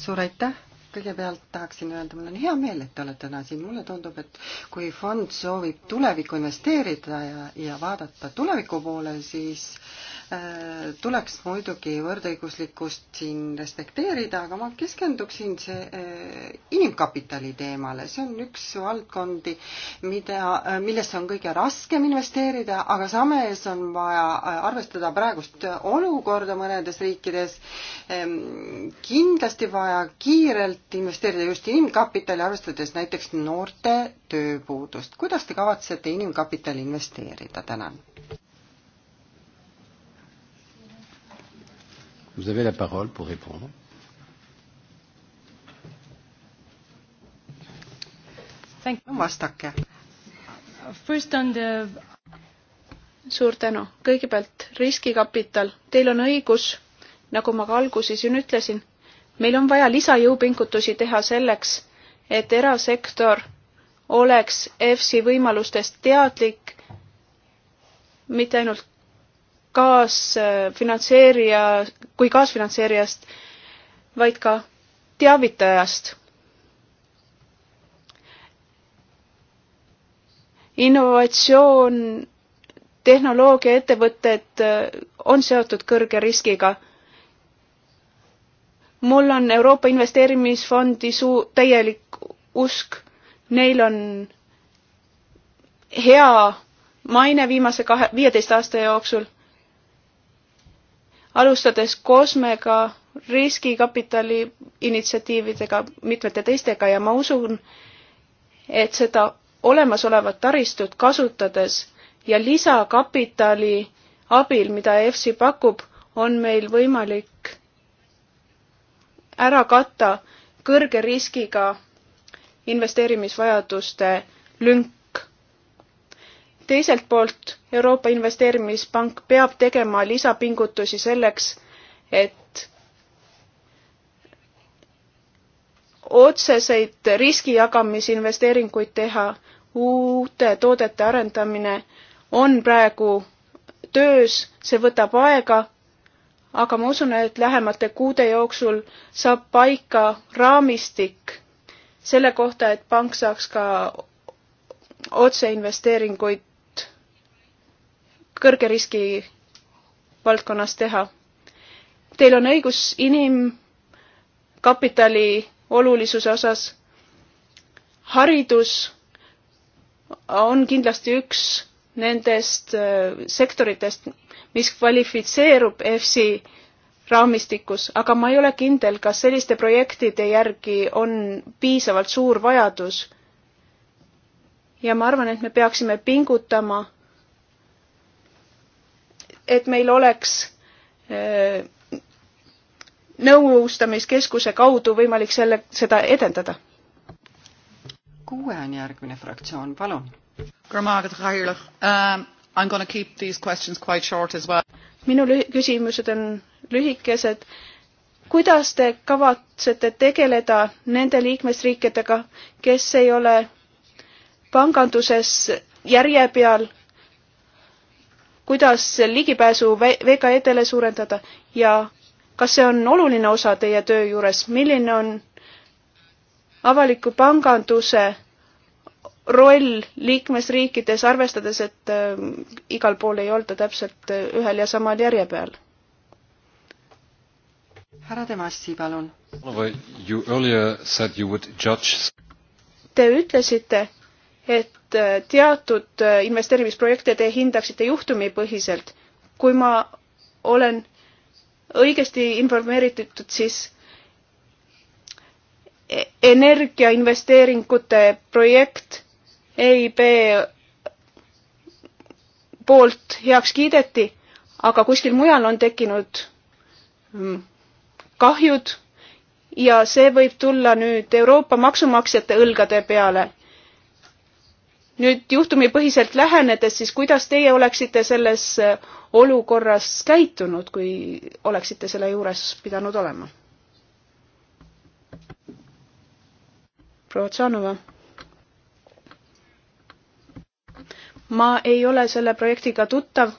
suur aitäh kõigepealt tahaksin öelda, mul on hea meel, et te olete täna siin, mulle tundub, et kui fond soovib tulevikku investeerida ja, ja vaadata tuleviku poole, siis äh, Äh, tuleks muidugi võrdõiguslikkust siin respekteerida, aga ma keskenduksin see äh, inimkapitali teemale, see on üks valdkondi, mida, äh, millesse on kõige raskem investeerida, aga samas on vaja arvestada praegust olukorda mõnedes riikides. Ähm, kindlasti vaja kiirelt investeerida just inimkapitali, arvestades näiteks noorte tööpuudust. kuidas te kavatsete inimkapitali investeerida, tänan? Vous avez la parole pour répondre. vastake. The... suur tänu. kõigepealt riskikapital. Teil on õigus, nagu ma ka alguses ju ütlesin, meil on vaja lisajõupingutusi teha selleks, et erasektor oleks EFSI võimalustest teadlik mitte ainult kaasfinantseerija, kui kaasfinantseerijast, vaid ka teavitajast. innovatsioon, tehnoloogiaettevõtted äh, on seotud kõrge riskiga mul on Euroopa Investeerimisfondi suu-, täielik usk, neil on hea maine viimase kahe, viieteist aasta jooksul alustades Kosmega, riskikapitali initsiatiividega, mitmete teistega ja ma usun, et seda olemasolevat taristut kasutades ja lisakapitali abil, mida EFSI pakub, on meil võimalik ära katta kõrge riskiga investeerimisvajaduste lünk teiselt poolt Euroopa Investeerimispank peab tegema lisapingutusi selleks, et otseseid riskijagamisinvesteeringuid teha, uute toodete arendamine on praegu töös, see võtab aega, aga ma usun, et lähemate kuude jooksul saab paika raamistik selle kohta, et pank saaks ka otseinvesteeringuid kõrge riski valdkonnas teha. Teil on õigus inimkapitali olulisuse osas. haridus on kindlasti üks nendest äh, sektoritest, mis kvalifitseerub EFSI raamistikus, aga ma ei ole kindel, kas selliste projektide järgi on piisavalt suur vajadus. ja ma arvan, et me peaksime pingutama et meil oleks äh, nõustamiskeskuse kaudu võimalik selle, seda edendada. kuue on järgmine fraktsioon, palun. Um, minu küsimused on lühikesed. kuidas te kavatsete tegeleda nende liikmesriikidega, kes ei ole panganduses järje peal kuidas ligipääsu VKE-dele suurendada ja kas see on oluline osa teie töö juures, milline on avaliku panganduse roll liikmesriikides, arvestades, et äh, igal pool ei olda täpselt äh, ühel ja samal järje peal? härra Demassi, palun. Te ütlesite, et et äh, teatud äh, investeerimisprojekte te hindaksite juhtumipõhiselt. kui ma olen õigesti informeeritud, siis e-, energiainvesteeringute projekt EIB poolt heaks kiideti, aga kuskil mujal on tekkinud mm, kahjud ja see võib tulla nüüd Euroopa maksumaksjate õlgade peale nüüd juhtumipõhiselt lähenedes, siis kuidas teie oleksite selles äh, olukorras käitunud, kui oleksite selle juures pidanud olema? proua Tšanova. ma ei ole selle projektiga tuttav,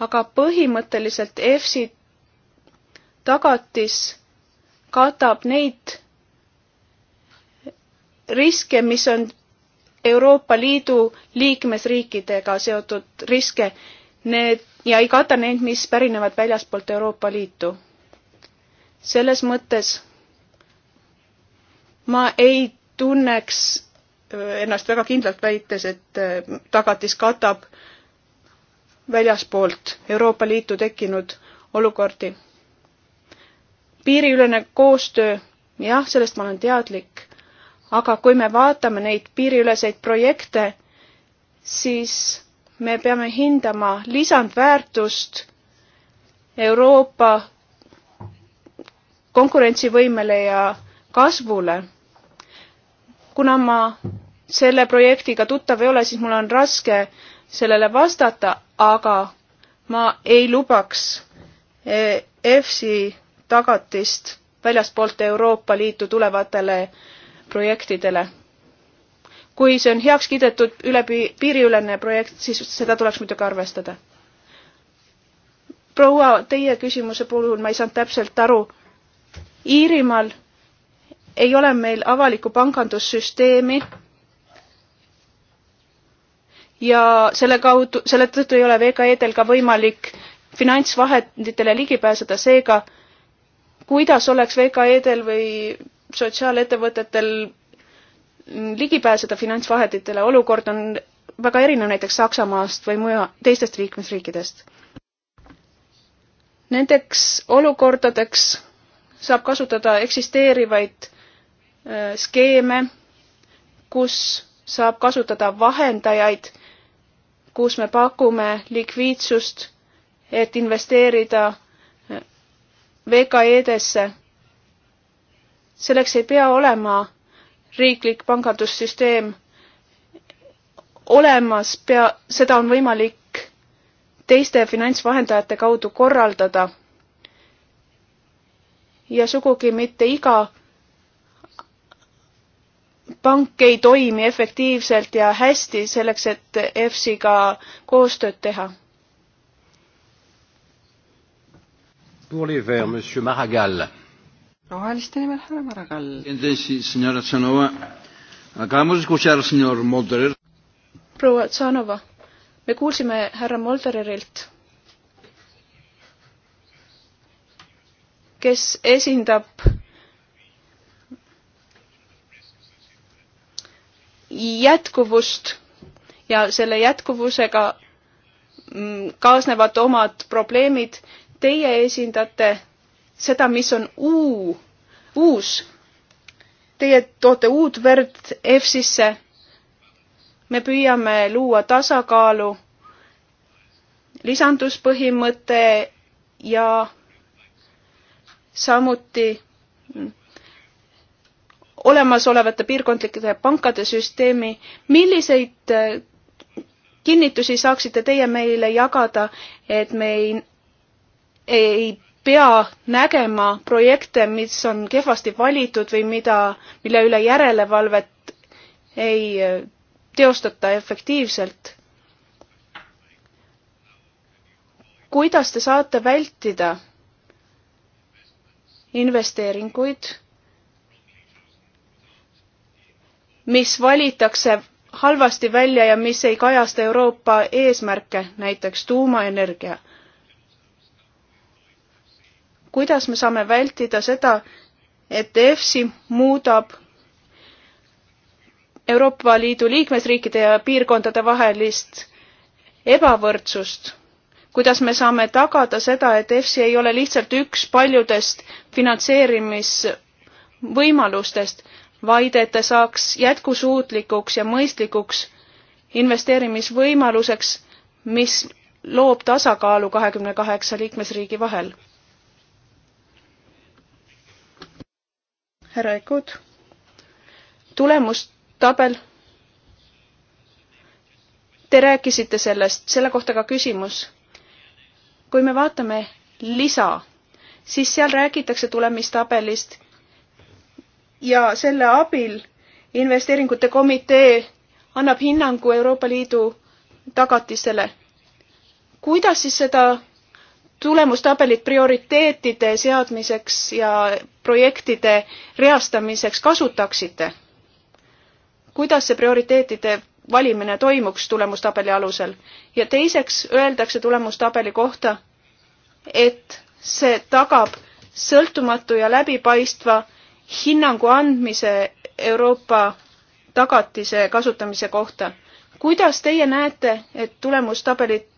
aga põhimõtteliselt EFSi tagatis katab neid riske, mis on Euroopa Liidu liikmesriikidega seotud riske, need ja ei kata neid, mis pärinevad väljaspoolt Euroopa Liitu. selles mõttes ma ei tunneks äh, ennast väga kindlalt väites, et äh, tagatis katab väljaspoolt Euroopa Liitu tekkinud olukordi. piiriülene koostöö, jah, sellest ma olen teadlik, aga kui me vaatame neid piiriüleseid projekte, siis me peame hindama lisandväärtust Euroopa konkurentsivõimele ja kasvule. kuna ma selle projektiga tuttav ei ole, siis mul on raske sellele vastata, aga ma ei lubaks eh, EFSI tagatist väljastpoolt Euroopa Liitu tulevatele projektidele. kui see on heaks kiidetud üle piiriülene projekt, siis seda tuleks muidugi arvestada. proua, teie küsimuse puhul ma ei saanud täpselt aru. Iirimaal ei ole meil avalikku pangandussüsteemi ja selle kaudu, selle tõttu ei ole VKE-del ka võimalik finantsvahenditele ligi pääseda, seega kuidas oleks VKE-del või sotsiaalettevõtetel ligi pääseda finantsvahenditele, olukord on väga erinev näiteks Saksamaast või muja, teistest liikmesriikidest. Nendeks olukordadeks saab kasutada eksisteerivaid äh, skeeme, kus saab kasutada vahendajaid, kus me pakume likviidsust, et investeerida äh, VKE-desse selleks ei pea olema riiklik pangandussüsteem olemas, pea, seda on võimalik teiste finantsvahendajate kaudu korraldada. ja sugugi mitte iga pank ei toimi efektiivselt ja hästi selleks, et EFSiga koostööd teha. Pour les Verts, Monsieur Maragall roheliste nimel härra Maragall. proua Tsanova, me kuulsime härra Molderilt, kes esindab jätkuvust ja selle jätkuvusega mm, kaasnevad omad probleemid. Teie esindate seda, mis on uu, uus. Teie toote uut verd EFSisse. me püüame luua tasakaalu, lisanduspõhimõte ja samuti olemasolevate piirkondlike pankade süsteemi. milliseid äh, kinnitusi saaksite teie meile jagada, et me ei, ei pea nägema projekte, mis on kehvasti valitud või mida, mille üle järelevalvet ei eh, teostata efektiivselt. kuidas te saate vältida investeeringuid, mis valitakse halvasti välja ja mis ei kajasta Euroopa eesmärke, näiteks tuumaenergia kuidas me saame vältida seda, et EFSI muudab Euroopa Liidu liikmesriikide ja piirkondade vahelist ebavõrdsust, kuidas me saame tagada seda, et EFSI ei ole lihtsalt üks paljudest finantseerimisvõimalustest, vaid et ta saaks jätkusuutlikuks ja mõistlikuks investeerimisvõimaluseks, mis loob tasakaalu kahekümne kaheksa liikmesriigi vahel. härra Ekut. tulemustabel. Te rääkisite sellest, selle kohta ka küsimus. kui me vaatame lisa, siis seal räägitakse tulemistabelist ja selle abil investeeringute komitee annab hinnangu Euroopa Liidu tagatistele. kuidas siis seda tulemustabelid prioriteetide seadmiseks ja projektide reastamiseks kasutaksite? kuidas see prioriteetide valimine toimuks tulemustabeli alusel? ja teiseks öeldakse tulemustabeli kohta, et see tagab sõltumatu ja läbipaistva hinnangu andmise Euroopa tagatise kasutamise kohta. kuidas teie näete, et tulemustabelit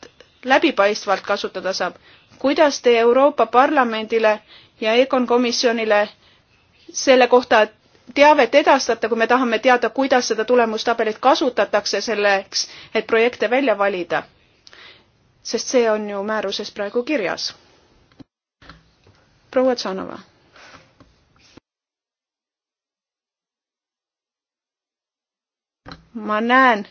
läbipaistvalt kasutada saab? kuidas te Euroopa Parlamendile ja EKOn komisjonile selle kohta teavet edastate, kui me tahame teada, kuidas seda tulemustabelit kasutatakse selleks, et projekte välja valida? sest see on ju määruses praegu kirjas. proua Tsanova. ma näen,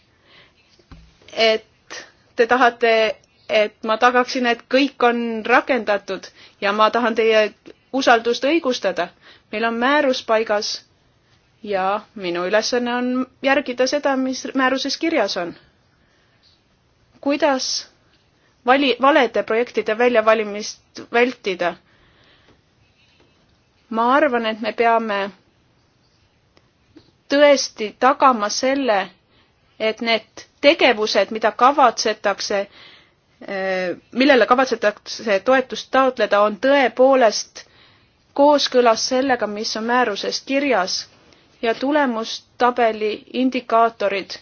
et te tahate et ma tagaksin, et kõik on rakendatud ja ma tahan teie usaldust õigustada. meil on määrus paigas ja minu ülesanne on järgida seda, mis määruses kirjas on. kuidas vali, valede projektide väljavalimist vältida? ma arvan, et me peame tõesti tagama selle, et need tegevused, mida kavatsetakse millele kavatsetakse toetust taotleda, on tõepoolest kooskõlas sellega, mis on määruses kirjas ja tulemustabeli indikaatorid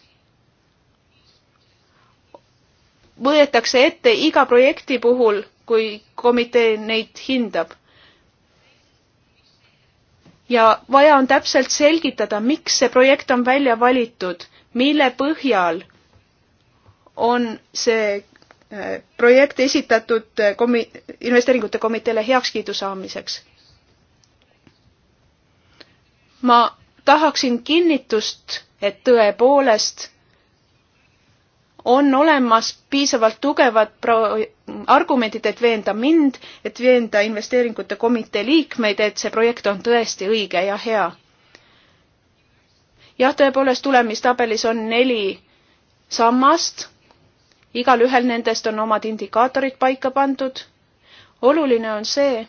võetakse ette iga projekti puhul, kui komitee neid hindab. ja vaja on täpselt selgitada, miks see projekt on välja valitud, mille põhjal on see projekt esitatud komi-, investeeringute komiteele heakskiidu saamiseks. ma tahaksin kinnitust, et tõepoolest on olemas piisavalt tugevad pro-, argumendid, et veenda mind, et veenda investeeringute komitee liikmeid, et see projekt on tõesti õige ja hea. jah, tõepoolest tulemistabelis on neli sammast igalühel nendest on omad indikaatorid paika pandud. oluline on see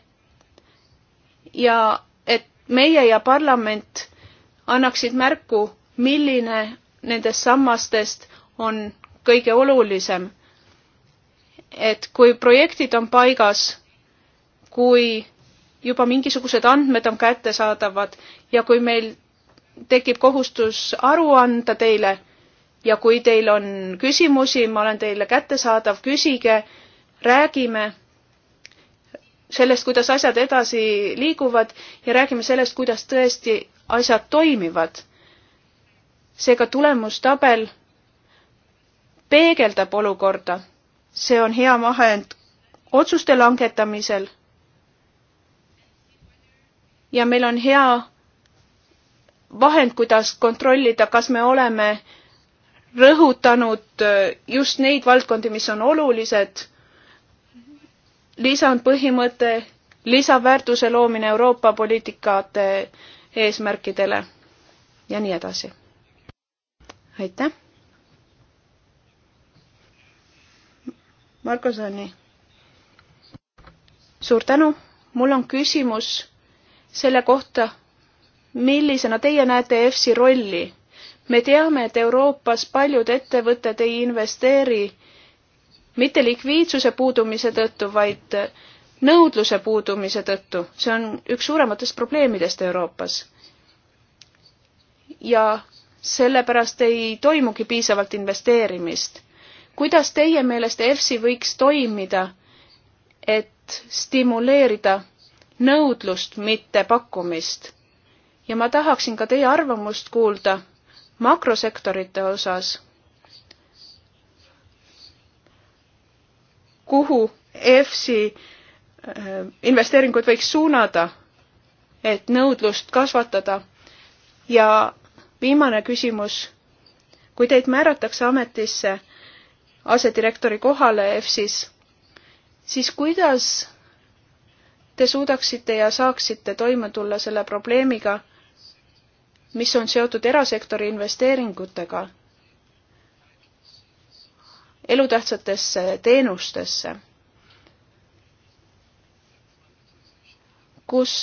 ja et meie ja parlament annaksid märku, milline nendest sammastest on kõige olulisem. et kui projektid on paigas, kui juba mingisugused andmed on kättesaadavad ja kui meil tekib kohustus aru anda teile ja kui teil on küsimusi, ma olen teile kättesaadav, küsige, räägime sellest, kuidas asjad edasi liiguvad ja räägime sellest, kuidas tõesti asjad toimivad. seega tulemustabel peegeldab olukorda. see on hea vahend otsuste langetamisel. ja meil on hea vahend, kuidas kontrollida, kas me oleme rõhutanud äh, just neid valdkondi, mis on olulised. lisandpõhimõte, lisaväärtuse loomine Euroopa poliitikate eesmärkidele ja nii edasi. aitäh. Marko Sanni. suur tänu. mul on küsimus selle kohta, millisena teie näete EFSi rolli me teame, et Euroopas paljud ettevõtted ei investeeri mitte likviidsuse puudumise tõttu, vaid nõudluse puudumise tõttu. see on üks suurematest probleemidest Euroopas. ja sellepärast ei toimugi piisavalt investeerimist. kuidas teie meelest EFSI võiks toimida, et stimuleerida nõudlust, mitte pakkumist? ja ma tahaksin ka teie arvamust kuulda makrosektorite osas, kuhu EFSI äh, investeeringuid võiks suunada, et nõudlust kasvatada. ja viimane küsimus, kui teid määratakse ametisse asedirektori kohale EFSis, siis kuidas te suudaksite ja saaksite toime tulla selle probleemiga, mis on seotud erasektori investeeringutega elutähtsatesse teenustesse, kus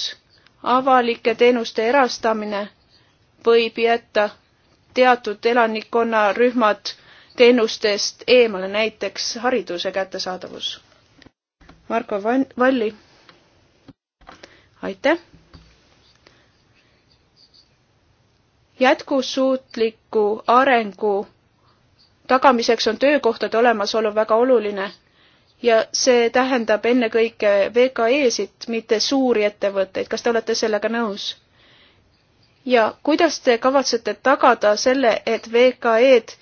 avalike teenuste erastamine võib jätta teatud elanikkonnarühmad teenustest eemale, näiteks hariduse kättesaadavus. Marko Valli, aitäh! jätkusuutliku arengu tagamiseks on töökohtade olemasolu väga oluline ja see tähendab ennekõike VKE-sid, mitte suuri ettevõtteid. kas te olete sellega nõus? ja kuidas te kavatsete tagada selle, et VKE-d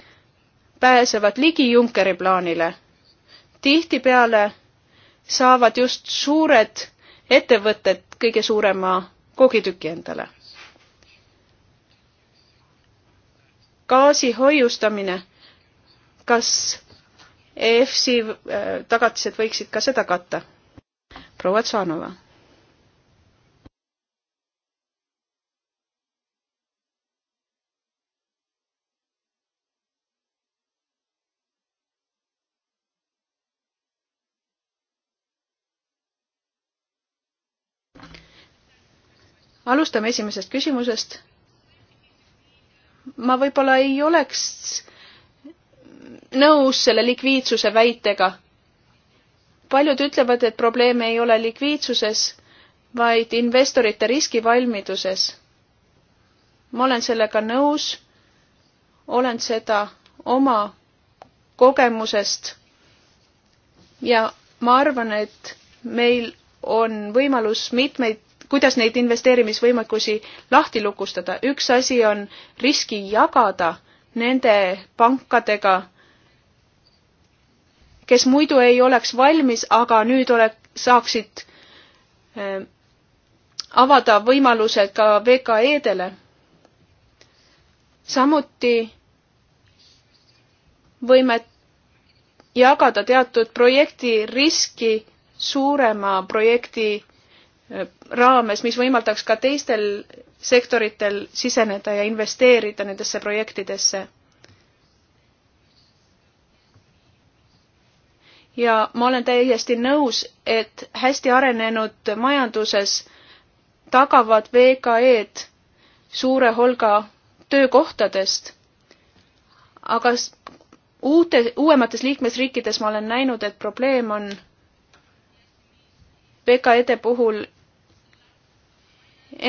pääsevad ligi Junckeri plaanile? tihtipeale saavad just suured ettevõtted kõige suurema koogitüki endale gaasi hoiustamine, kas EFSi äh, tagatised võiksid ka seda katta? proua Tsanova. alustame esimesest küsimusest ma võib-olla ei oleks nõus selle likviidsuse väitega. paljud ütlevad, et probleem ei ole likviidsuses, vaid investorite riskivalmiduses. ma olen sellega nõus, olen seda oma kogemusest ja ma arvan, et meil on võimalus mitmeid kuidas neid investeerimisvõimekusi lahti lukustada. üks asi on riski jagada nende pankadega, kes muidu ei oleks valmis, aga nüüd ole-, saaksid äh, avada võimalused ka VKE-dele. samuti võime jagada teatud projekti riski suurema projekti raames, mis võimaldaks ka teistel sektoritel siseneda ja investeerida nendesse projektidesse. ja ma olen täiesti nõus, et hästi arenenud majanduses tagavad VKE-d suure hulga töökohtadest, aga uute, uuemates liikmesriikides ma olen näinud, et probleem on VKE-de puhul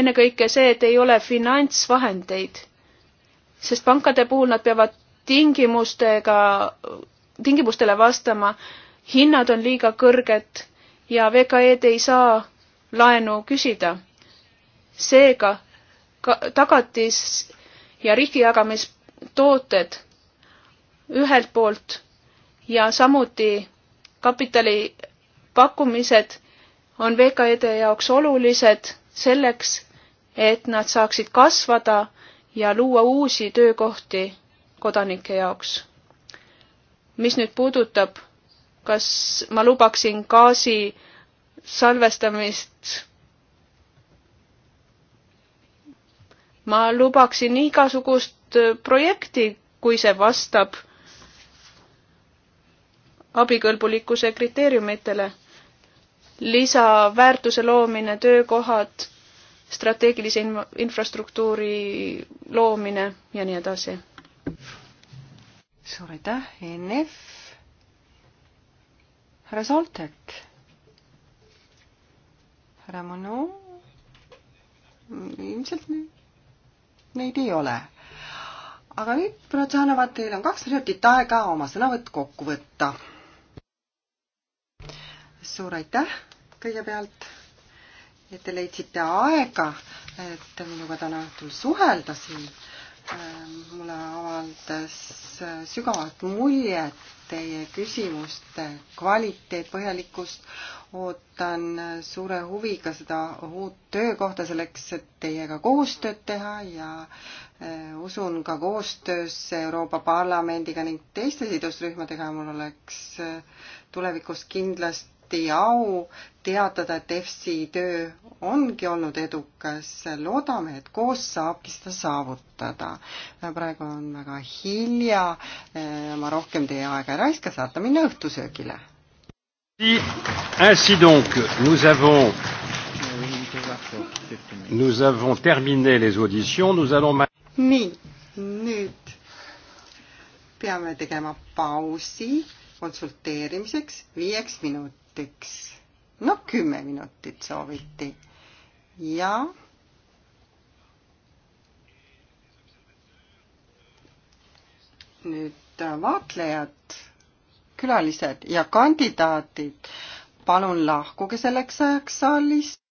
ennekõike see, et ei ole finantsvahendeid, sest pankade puhul nad peavad tingimustega, tingimustele vastama, hinnad on liiga kõrged ja VKE-d ei saa laenu küsida. seega ka tagatis ja riskijagamistooted ühelt poolt ja samuti kapitali pakkumised on VKE-de jaoks olulised selleks, et nad saaksid kasvada ja luua uusi töökohti kodanike jaoks. mis nüüd puudutab, kas ma lubaksin gaasi salvestamist ma lubaksin igasugust projekti, kui see vastab abikõlbulikkuse kriteeriumitele lisaväärtuse loomine, töökohad, strateegilise in-, infrastruktuuri loomine ja nii edasi. suur aitäh, e NF. härra Soltek. härra Manu. ilmselt neid ei ole. aga nüüd, Prodžanova, teil on kaks minutit aega oma sõnavõtt kokku võtta suur aitäh kõigepealt, et te leidsite aega, et minuga täna õhtul suhelda siin. Ähm, mulle avaldas äh, sügavat muljet teie küsimuste kvaliteet, põhjalikkust. ootan äh, suure huviga seda uut töökohta selleks, et teiega koostööd teha ja äh, usun ka koostöösse Euroopa Parlamendiga ning teiste sidusrühmadega. mul oleks tulevikus kindlasti alati au teatada, et EFSI töö ongi olnud edukas. loodame, et koos saabki seda saavutada. praegu on väga hilja. ma rohkem teie aega ei raiska, saate minna õhtusöögile. Ainsi donc, nous avons, nous avons terminé les auditions. Nous allons. nii, nüüd peame tegema pausi konsulteerimiseks viieks minutiks minutiks, no kümme minutit sooviti ja nüüd äh, vaatlejad, külalised ja kandidaadid, palun lahkuge selleks ajaks saalist.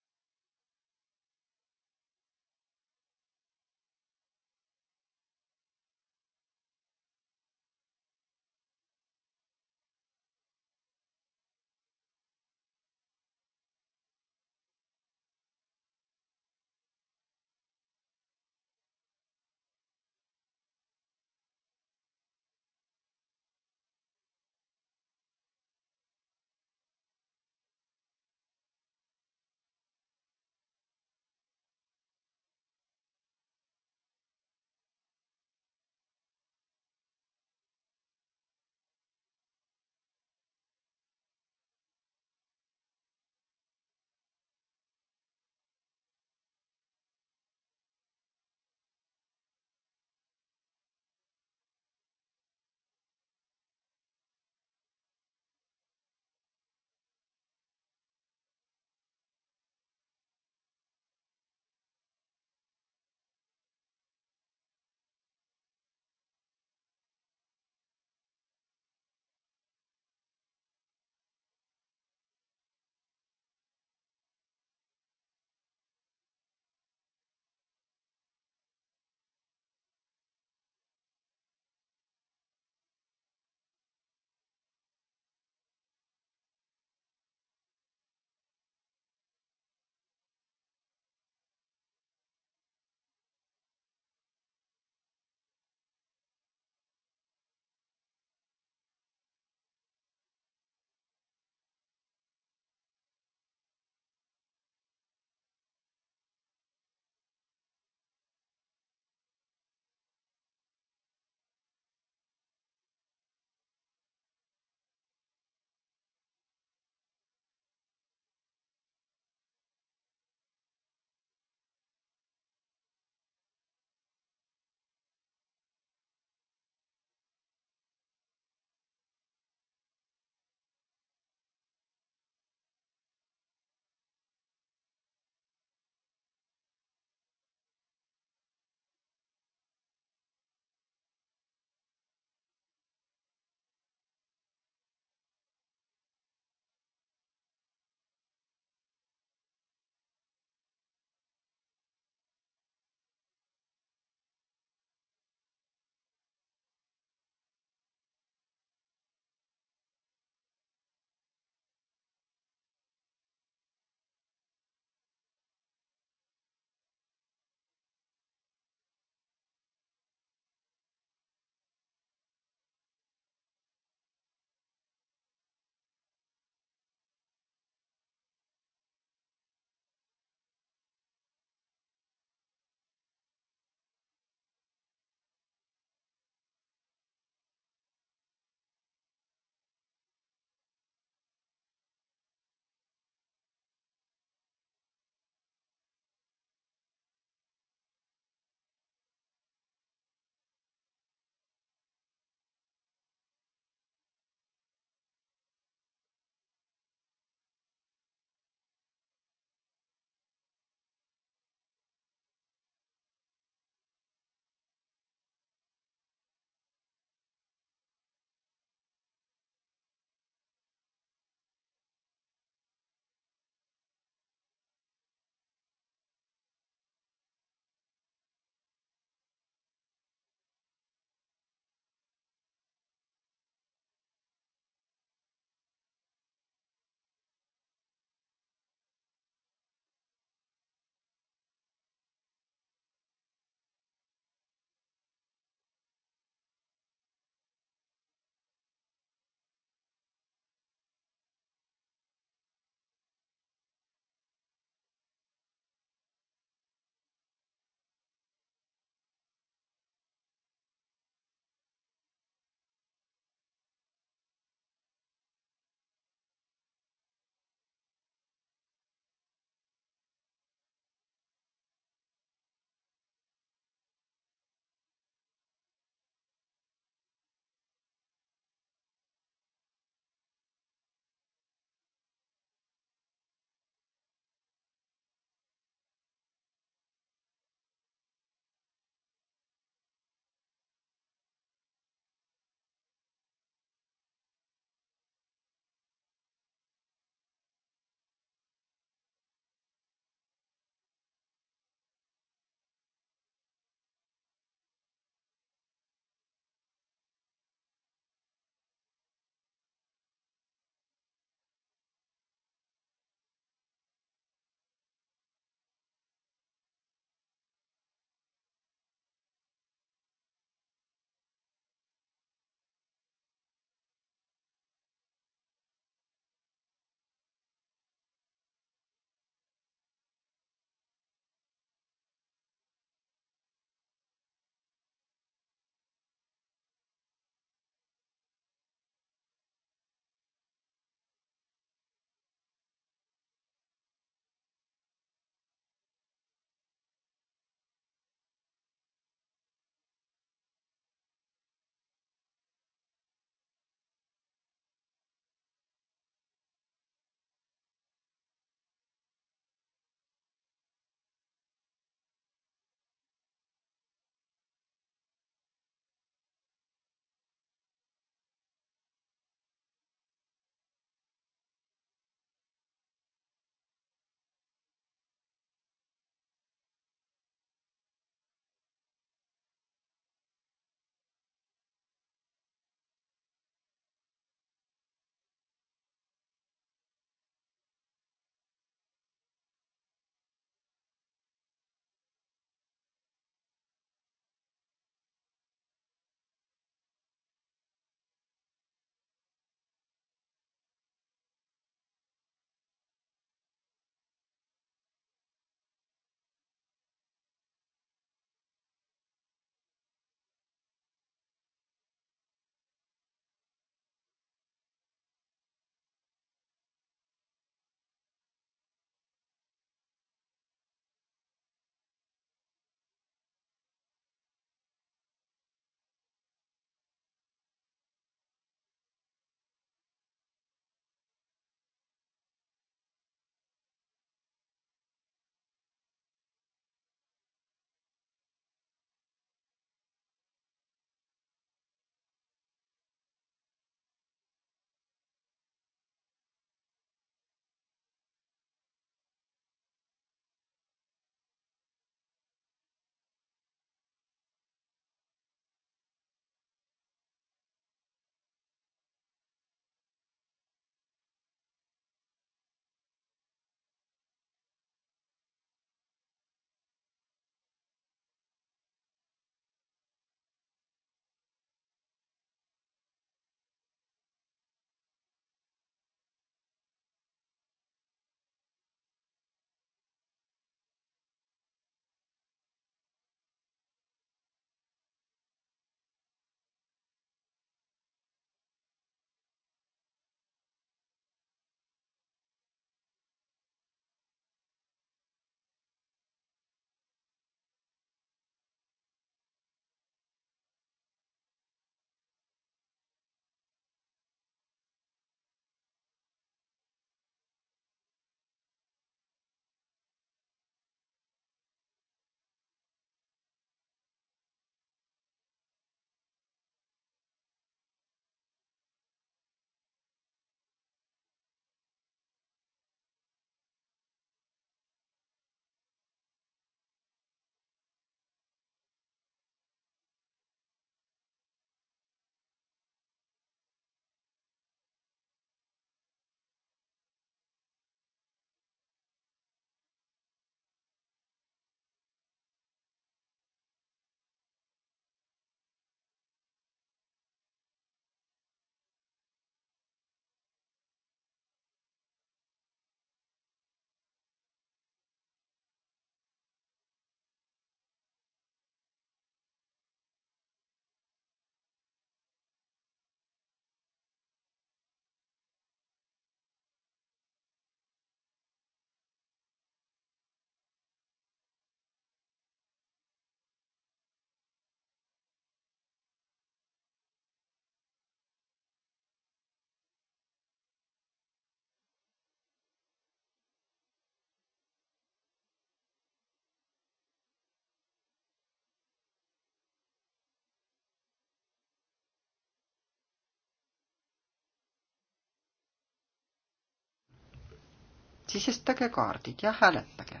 sisestage kaardid ja hääletage.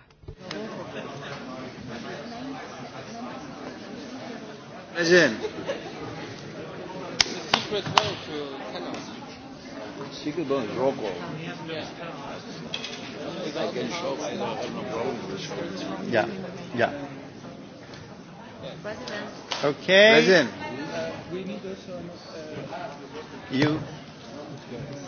president. Secret vote, roll call. I can show I don't have no problem with this. Yeah, yeah. President. Okay. President. Uh, we need also. Uh, you. Okay.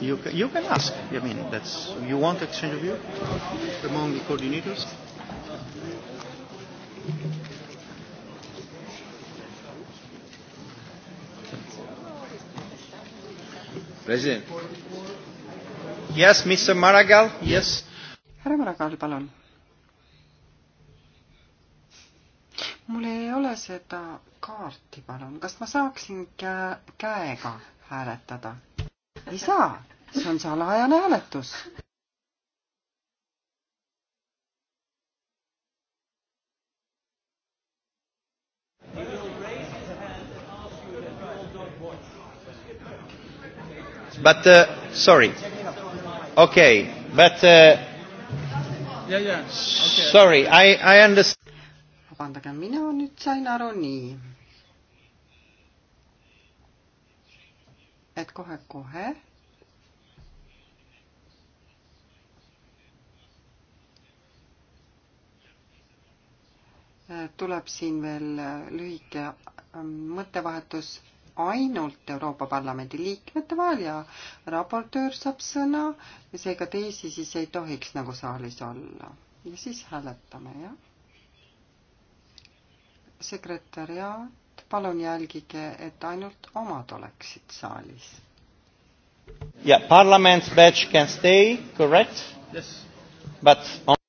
You, you can ask. I mean, that's you want exchange of view among the coordinators. President. Yes, Mr. Maragall. Yes. härra Maragall, palun. mul ei mulle seda kaarti, palun, kas ma saaksin käe, käega hääletada? ei saa, see on salajane hääletus. But uh, sorry. Okay, but uh, yeah, yeah. Okay. sorry, I, I understand vabandage, mina nüüd sain aru nii, et kohe-kohe tuleb siin veel lühike mõttevahetus ainult Euroopa Parlamendi liikmete vahel ja raportöör saab sõna ja seega teisi siis ei tohiks nagu saalis olla. ja siis hääletame, jah sekretäriaat, palun jälgige, et ainult omad oleksid saalis. Yeah, parliament's badge can stay, correct? Yes. But on